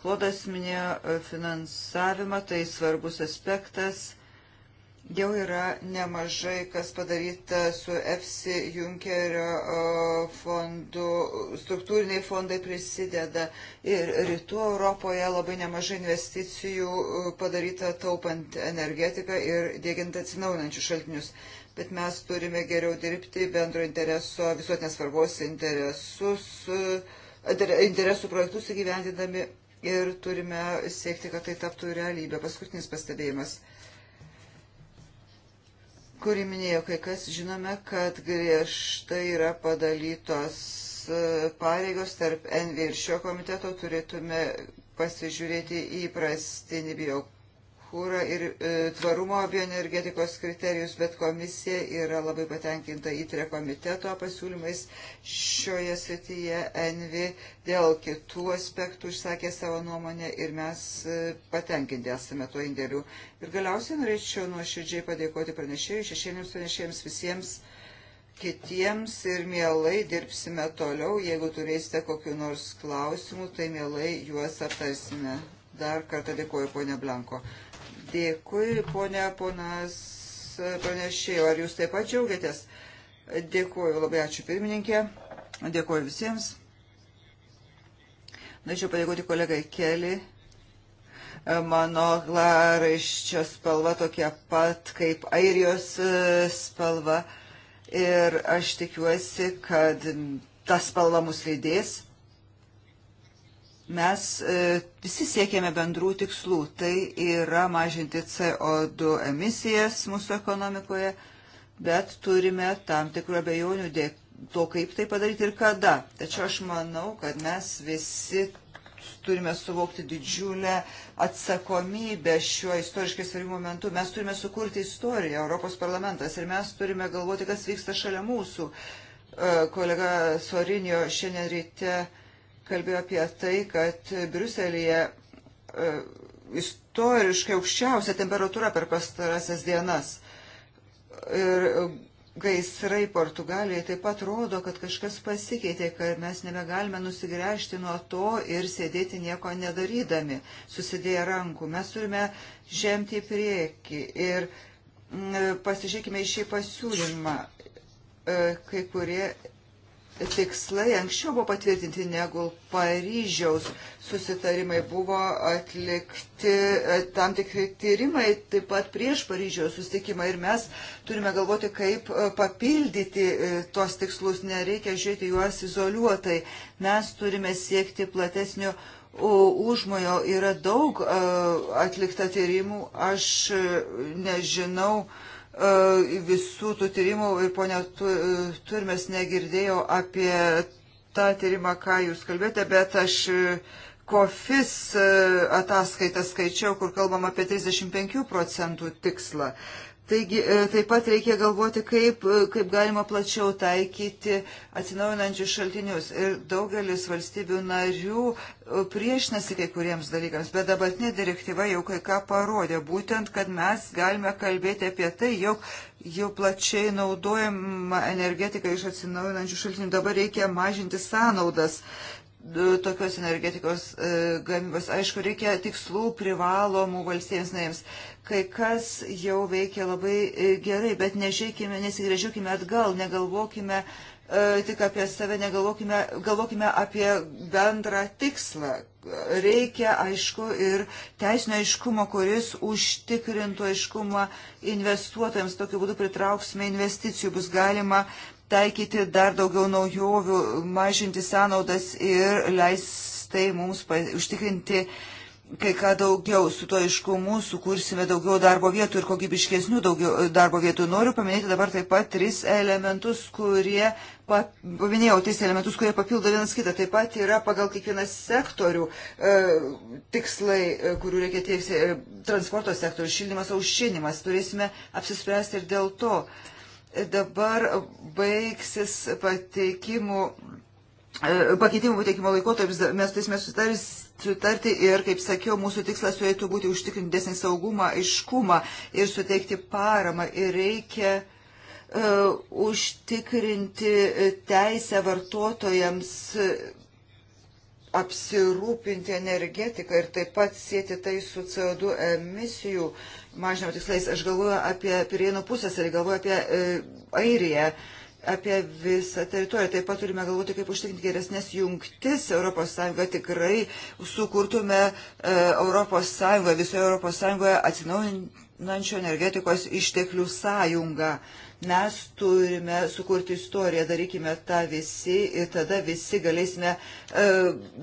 Klodas minėjo e, finansavimą, tai svarbus aspektas. Jau yra nemažai, kas padaryta su EFSI Junkerio e, fondu, struktūriniai fondai prisideda ir rytų Europoje labai nemažai investicijų padaryta taupant energetiką ir dėgiant atsinaujinančius šaltinius bet mes turime geriau dirbti bendro intereso, visuotinės svarbos interesus, interesų projektus įgyvendinami ir turime siekti, kad tai taptų realybė. Paskutinis pastebėjimas kurį minėjo kai kas, žinome, kad griežtai yra padalytos e, pareigos tarp NV ir šio komiteto, turėtume pasižiūrėti į prastinį biokų kūrą ir e, tvarumo bioenergetikos kriterijus, bet komisija yra labai patenkinta įtrė komiteto pasiūlymais šioje srityje. Envi dėl kitų aspektų išsakė savo nuomonę ir mes e, patenkinti esame tuo indėliu. Ir galiausiai norėčiau nuoširdžiai padėkoti pranešėjui, šešėlėms pranešėjams visiems kitiems ir mielai dirbsime toliau. Jeigu turėsite kokiu nors klausimu, tai mielai juos aptarsime. Dar kartą dėkuoju, ponia Blanko. Dėkui, ponia, ponas pranešėjo. Ar jūs taip pat džiaugiatės? Dėkuoju, labai ačiū pirmininkė. Dėkuoju visiems. Norėčiau padėkoti kolegai Keli. Mano klaraiščio spalva tokia pat kaip airijos e, spalva. Ir aš tikiuosi, kad ta spalva mus lydės. Mes e, visi siekėme bendrų tikslų. Tai yra mažinti CO2 emisijas mūsų ekonomikoje, bet turime tam tikrų abejonių dėl to, kaip tai padaryti ir kada. Tačiau aš manau, kad mes visi turime suvokti didžiulę atsakomybę šiuo istoriškai svarbiu momentu. Mes turime sukurti istoriją, Europos parlamentas, ir mes turime galvoti, kas vyksta šalia mūsų. E, kolega Sorinio šiandien ryte kalbėjo apie tai, kad Briuselėje e, istoriškai aukščiausia temperatūra per pastarasias dienas. Ir gaisrai Portugalijoje taip pat rodo, kad kažkas pasikeitė, kad mes nebegalime nusigręžti nuo to ir sėdėti nieko nedarydami, susidėję rankų. Mes turime žemti į priekį ir m, e, pasižiūrėkime į šį pasiūlymą. E, kai kurie tikslai anksčiau buvo patvirtinti negu Paryžiaus susitarimai. Buvo atlikti e, tam tikri tyrimai taip pat prieš Paryžiaus susitikimą ir mes turime galvoti, kaip e, papildyti e, tos tikslus. Nereikia žiūrėti juos izoliuotai. Mes turime siekti platesnio užmojo. Yra daug atlikta tyrimų. Aš nežinau E, visų tų tyrimų ir ponia e, Turmes negirdėjo apie tą tyrimą, ką jūs kalbėjote, bet aš e, kofis ataskaitą skaičiau, kur kalbam apie 35 procentų tikslą. Taigi e, taip pat reikia galvoti, kaip, e, kaip galima plačiau taikyti atsinaujinančius šaltinius. Ir daugelis valstybių narių e, priešinasi kai kuriems dalykams, bet dabartinė direktyva jau kai ką parodė, būtent, kad mes galime kalbėti apie tai, jog jau plačiai naudojama energetika iš atsinaujinančių šaltinių. Dabar reikia mažinti sąnaudas tokios energetikos gamybos. Aišku, reikia tikslų privalomų valstybėms narėms. Kai kas jau veikia labai e, gerai, bet nežiūrėkime, nesigrėžiukime atgal, negalvokime e, tik apie save, negalvokime, galvokime apie bendrą tikslą. Reikia, aišku, ir teisinio aiškumo, kuris užtikrintų aiškumą investuotojams. Tokiu būdu pritrauksime investicijų, bus galima taikyti dar daugiau naujovių, mažinti sąnaudas ir leis tai mums užtikrinti uh, kai ką daugiau su to iškumu sukursime daugiau darbo vietų ir kokybiškesnių daugiau e, darbo vietų. Noriu paminėti dabar taip pat tris elementus, kurie, paminėjau, tris elementus, kurie papildo vienas kitą. Taip pat yra pagal kiekvieną sektorių e, tikslai, e, kurių reikia tiekti, e, transporto sektorius, šildymas, aušinimas. Turėsime apsispręsti ir dėl to. E, dabar baigsis pateikimų E, pakeitimų teikimo laikotarpis mes turėsime sutarti ir, kaip sakiau, mūsų tikslas turėtų būti užtikrinti desnį saugumą, aiškumą ir suteikti paramą. Ir reikia uh, užtikrinti teisę vartotojams apsirūpinti energetiką ir taip pat sėti tai su CO2 emisijų mažinimo tikslais. Aš galvoju apie Pirienų pusės ir galvoju apie uh, Airiją. Uh, apie visą teritoriją. Taip pat turime galvoti, kaip užtikrinti geresnės jungtis ES. Tikrai sukurtume ES, visoje ES atsinaujinančio energetikos išteklių sąjungą. E, Mes turime sukurti istoriją, darykime tą visi ir tada visi galėsime e,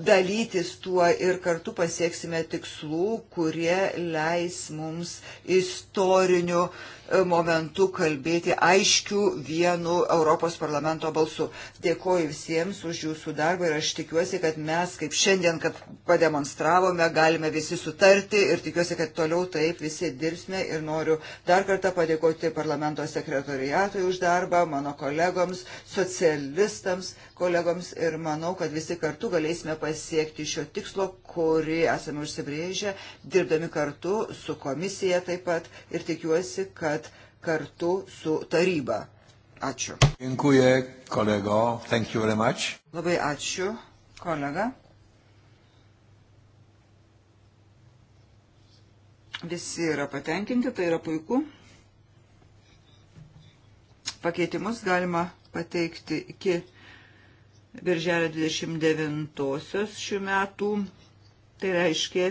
dalytis tuo ir kartu pasieksime tikslų, kurie leis mums istoriniu e, momentu kalbėti aiškių vienu Europos parlamento balsu. Dėkoju visiems už jūsų darbą ir aš tikiuosi, kad mes, kaip šiandien, kad pademonstravome, galime visi sutarti ir tikiuosi, kad toliau taip visi dirbsime ir noriu dar kartą padėkoti parlamento sekretoriai sekretoriatui už darbą, mano kolegoms, socialistams, kolegoms ir manau, kad visi kartu galėsime pasiekti šio tikslo, kurį esame užsibrėžę, dirbdami kartu su komisija taip pat ir tikiuosi, kad kartu su taryba. Ačiū. Dziękuję, kolego. Thank you very much. Labai ačiū, kolega. Visi yra patenkinti, tai yra puiku. Pakeitimus galima pateikti iki birželio 29 šių metų. Tai reiškia,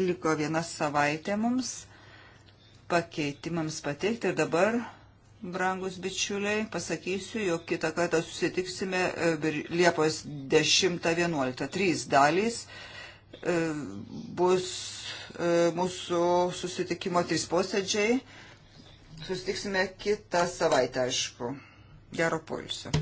liko viena savaitė mums pakeitimams pateikti ir dabar brangus bičiuliai, pasakysiu, jog kitą kartą susitiksime e, Liepos 10.11. Trys dalys e, bus e, mūsų susitikimo trys posėdžiai. Sustiksime kitą savaitę, aišku. Gero poilsio.